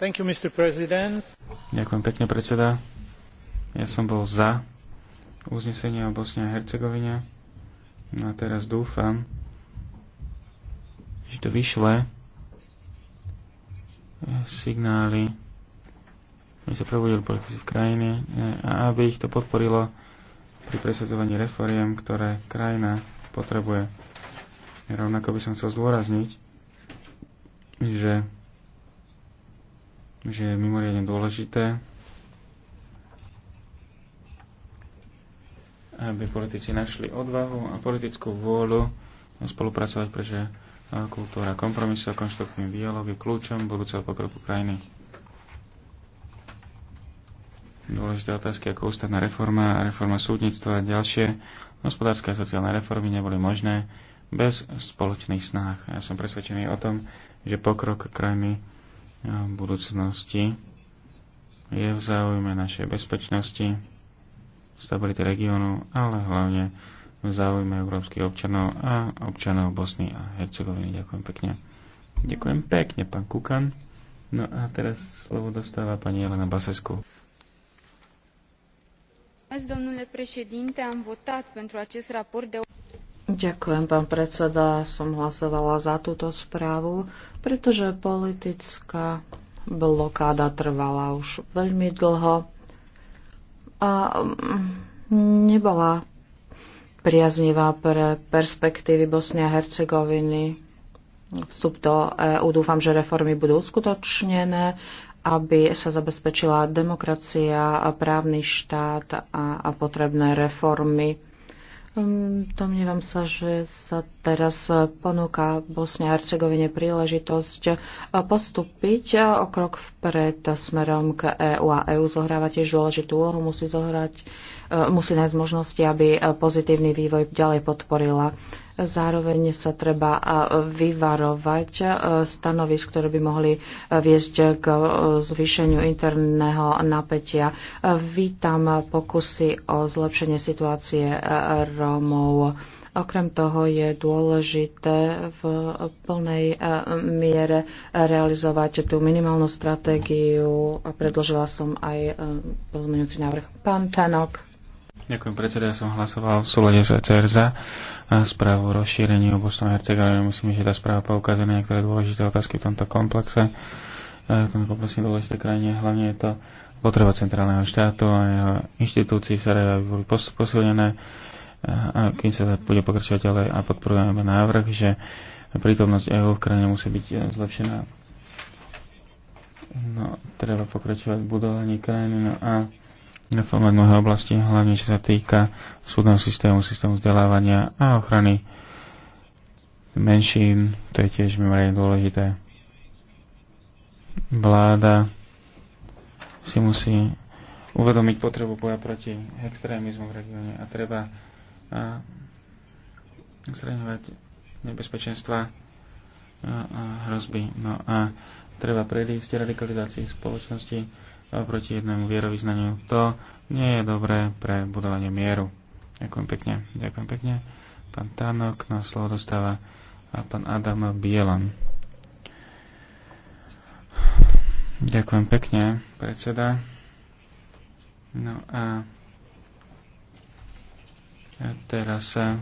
Thank you, Mr. President. Ďakujem pekne, predseda. Ja som bol za uznesenie o Bosne a Hercegovine. No a teraz dúfam, že to vyšle signály, aby sa prebudili politici v krajine a aby ich to podporilo pri presadzovaní reforiem, ktoré krajina potrebuje. Rovnako by som chcel zdôrazniť, že, že je mimoriadne dôležité, aby politici našli odvahu a politickú vôľu spolupracovať, pretože kultúra kompromisu a konštruktívny dialog je kľúčom budúceho pokroku krajiny. Dôležité otázky ako ústavná reforma a reforma súdnictva a ďalšie hospodárske a sociálne reformy neboli možné bez spoločných snách. Ja som presvedčený o tom, že pokrok krajiny v budúcnosti je v záujme našej bezpečnosti, stability regiónu, ale hlavne záujme európskych občanov a občanov Bosny a Hercegoviny. Ďakujem pekne. Ďakujem pekne, pán Kukan. No a teraz slovo dostáva pani Elena Basescu. Ďakujem, pán predseda. Som hlasovala za túto správu, pretože politická blokáda trvala už veľmi dlho a mm, nebola priaznivá pre perspektívy Bosny a Hercegoviny. Vstup do EU dúfam, že reformy budú uskutočnené, aby sa zabezpečila demokracia, právny štát a, a potrebné reformy. Hm, domnievam sa, že sa teraz ponúka Bosne a Hercegovine príležitosť postúpiť o krok vpred smerom k EÚ a EU zohráva tiež dôležitú úlohu, musí zohrať musí nájsť možnosti, aby e, pozitívny vývoj ďalej podporila. Zároveň sa treba e, vyvarovať e, stanovisk, ktoré by mohli viesť k zvýšeniu interného napätia. Vítam pokusy o zlepšenie situácie Rómov. Okrem toho je dôležité v plnej miere realizovať tú minimálnu stratégiu a predložila som aj pozmeňujúci návrh. Pán Tanok. Ďakujem predseda, ja som hlasoval v súlade s ECR za správu o rozšírení o Bosnu a Hercegovine. Myslím, že tá správa poukazuje na niektoré dôležité otázky v tomto komplexe. V tomto komplexe dôležité krajine, hlavne je to potreba centrálneho štátu a jeho inštitúcií v Sarajeve, aby boli posilnené a kým sa bude pokračovať ďalej a podporujeme návrh, že prítomnosť EÚ v krajine musí byť e, zlepšená. No, treba pokračovať v budovaní krajiny no a reformovať mnohé oblasti, hlavne čo sa týka súdneho systému, systému vzdelávania a ochrany menšín, to je tiež mimoriadne dôležité. Vláda si musí uvedomiť potrebu boja proti extrémizmu v regióne a treba zraňovať nebezpečenstva a hrozby. No a treba predísť radikalizácii spoločnosti proti jednému vierovýznaniu. To nie je dobré pre budovanie mieru. Ďakujem pekne. Ďakujem pekne. Pán Tánok na slovo dostáva a pán Adam Bielan. Ďakujem pekne, predseda. No a teraz sa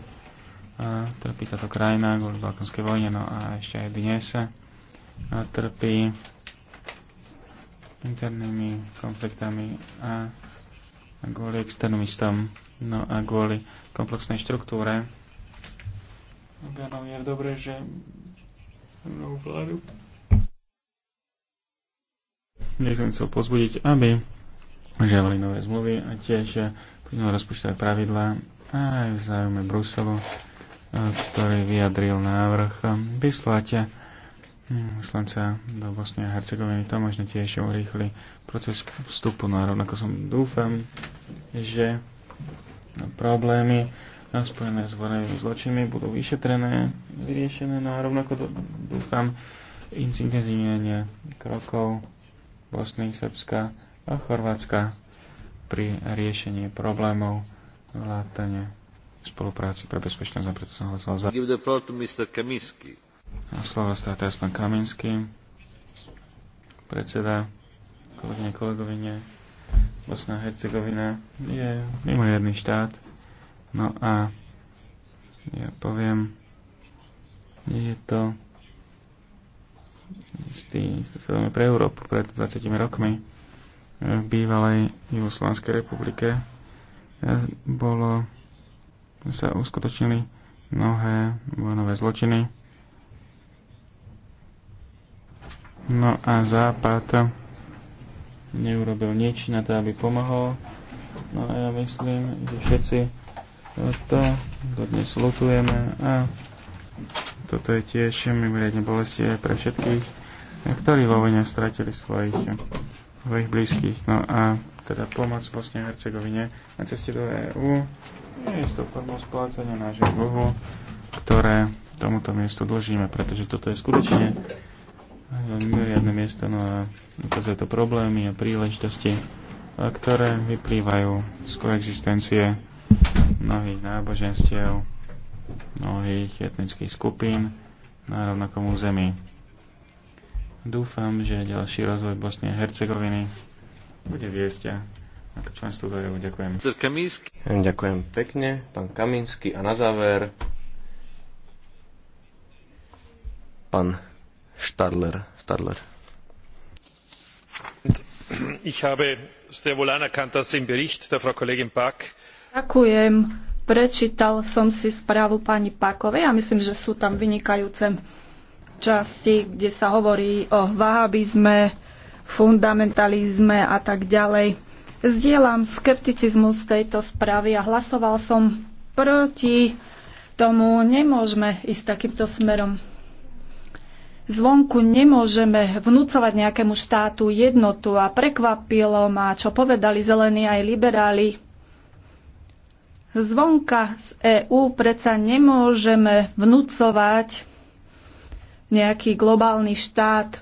trpí táto krajina kvôli Balkánskej vojne, no a ešte aj dnes sa trpí internými konfliktami a kvôli externistom. No a kvôli komplexnej štruktúre orgánov je dobré, že novú vládu. Dnes som chcel pozbudiť, aby žiavali nové zmluvy a tiež plynul rozpočtové pravidlá aj v záujme Bruselu, ktorý vyjadril návrh vyslať Hm, slanca do Bosne a Hercegoviny. To možno tiež urýchli proces vstupu. No a rovnako som dúfam, že no, problémy no, spojené s vojnovými zločinmi budú vyšetrené, vyriešené. No a rovnako dúfam intenzívnenie krokov Bosny, Srbska a Chorvátska pri riešení problémov vlátania spolupráci pre bezpečnosť a preto som hlasoval za. Give the floor to Mr. Kaminsky. A slovo stále teraz pán Kaminský, predseda, kolegyne, kolegovine. Bosna a Hercegovina je mimoriadný štát. No a ja poviem, je to istý, istý pre Európu pred 20 rokmi v bývalej Jugoslovanskej republike eh, bolo sa uskutočnili mnohé vojnové zločiny No a Západ neurobil nič na to, aby pomohol. No a ja myslím, že všetci to dodnes lutujeme a toto je tiež mimoriadne bolestivé pre všetkých, ktorí vo vojne stratili svojich, svojich blízkych. No a teda pomoc Bosne a Hercegovine na ceste do EÚ je istou formou splácania nášho dlhu, ktoré tomuto miestu dlžíme, pretože toto je skutočne mimoriadne miesto, no a ukazuje to problémy a príležitosti, ktoré vyplývajú z koexistencie mnohých náboženstiev, mnohých etnických skupín na rovnakom území. Dúfam, že ďalší rozvoj Bosnie a Hercegoviny bude viesť k členstvu do EU. Ďakujem. Ďakujem pekne, pán Kaminsky. A na záver, pán Stadler. Stadler. Ich habe sehr wohl anerkannt, dass im Bericht der Frau Kollegin Pack. Ďakujem. Prečítal som si správu pani Pakovej a myslím, že sú tam vynikajúce časti, kde sa hovorí o vahabizme, fundamentalizme a tak ďalej. Zdieľam skepticizmus tejto správy a hlasoval som proti tomu. Nemôžeme ísť takýmto smerom. Zvonku nemôžeme vnúcovať nejakému štátu jednotu a prekvapilo ma, čo povedali zelení aj liberáli. Zvonka z EÚ predsa nemôžeme vnúcovať nejaký globálny štát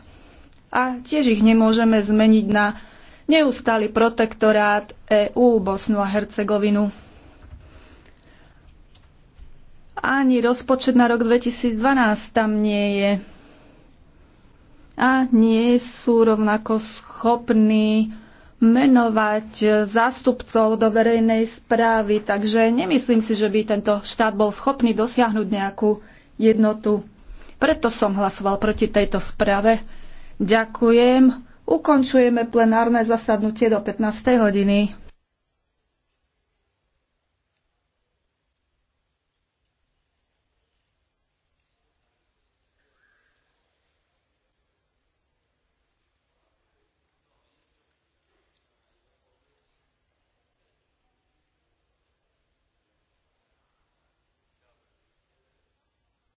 a tiež ich nemôžeme zmeniť na neustály protektorát EÚ Bosnu a Hercegovinu. Ani rozpočet na rok 2012 tam nie je a nie sú rovnako schopní menovať zástupcov do verejnej správy. Takže nemyslím si, že by tento štát bol schopný dosiahnuť nejakú jednotu. Preto som hlasoval proti tejto správe. Ďakujem. Ukončujeme plenárne zasadnutie do 15. hodiny.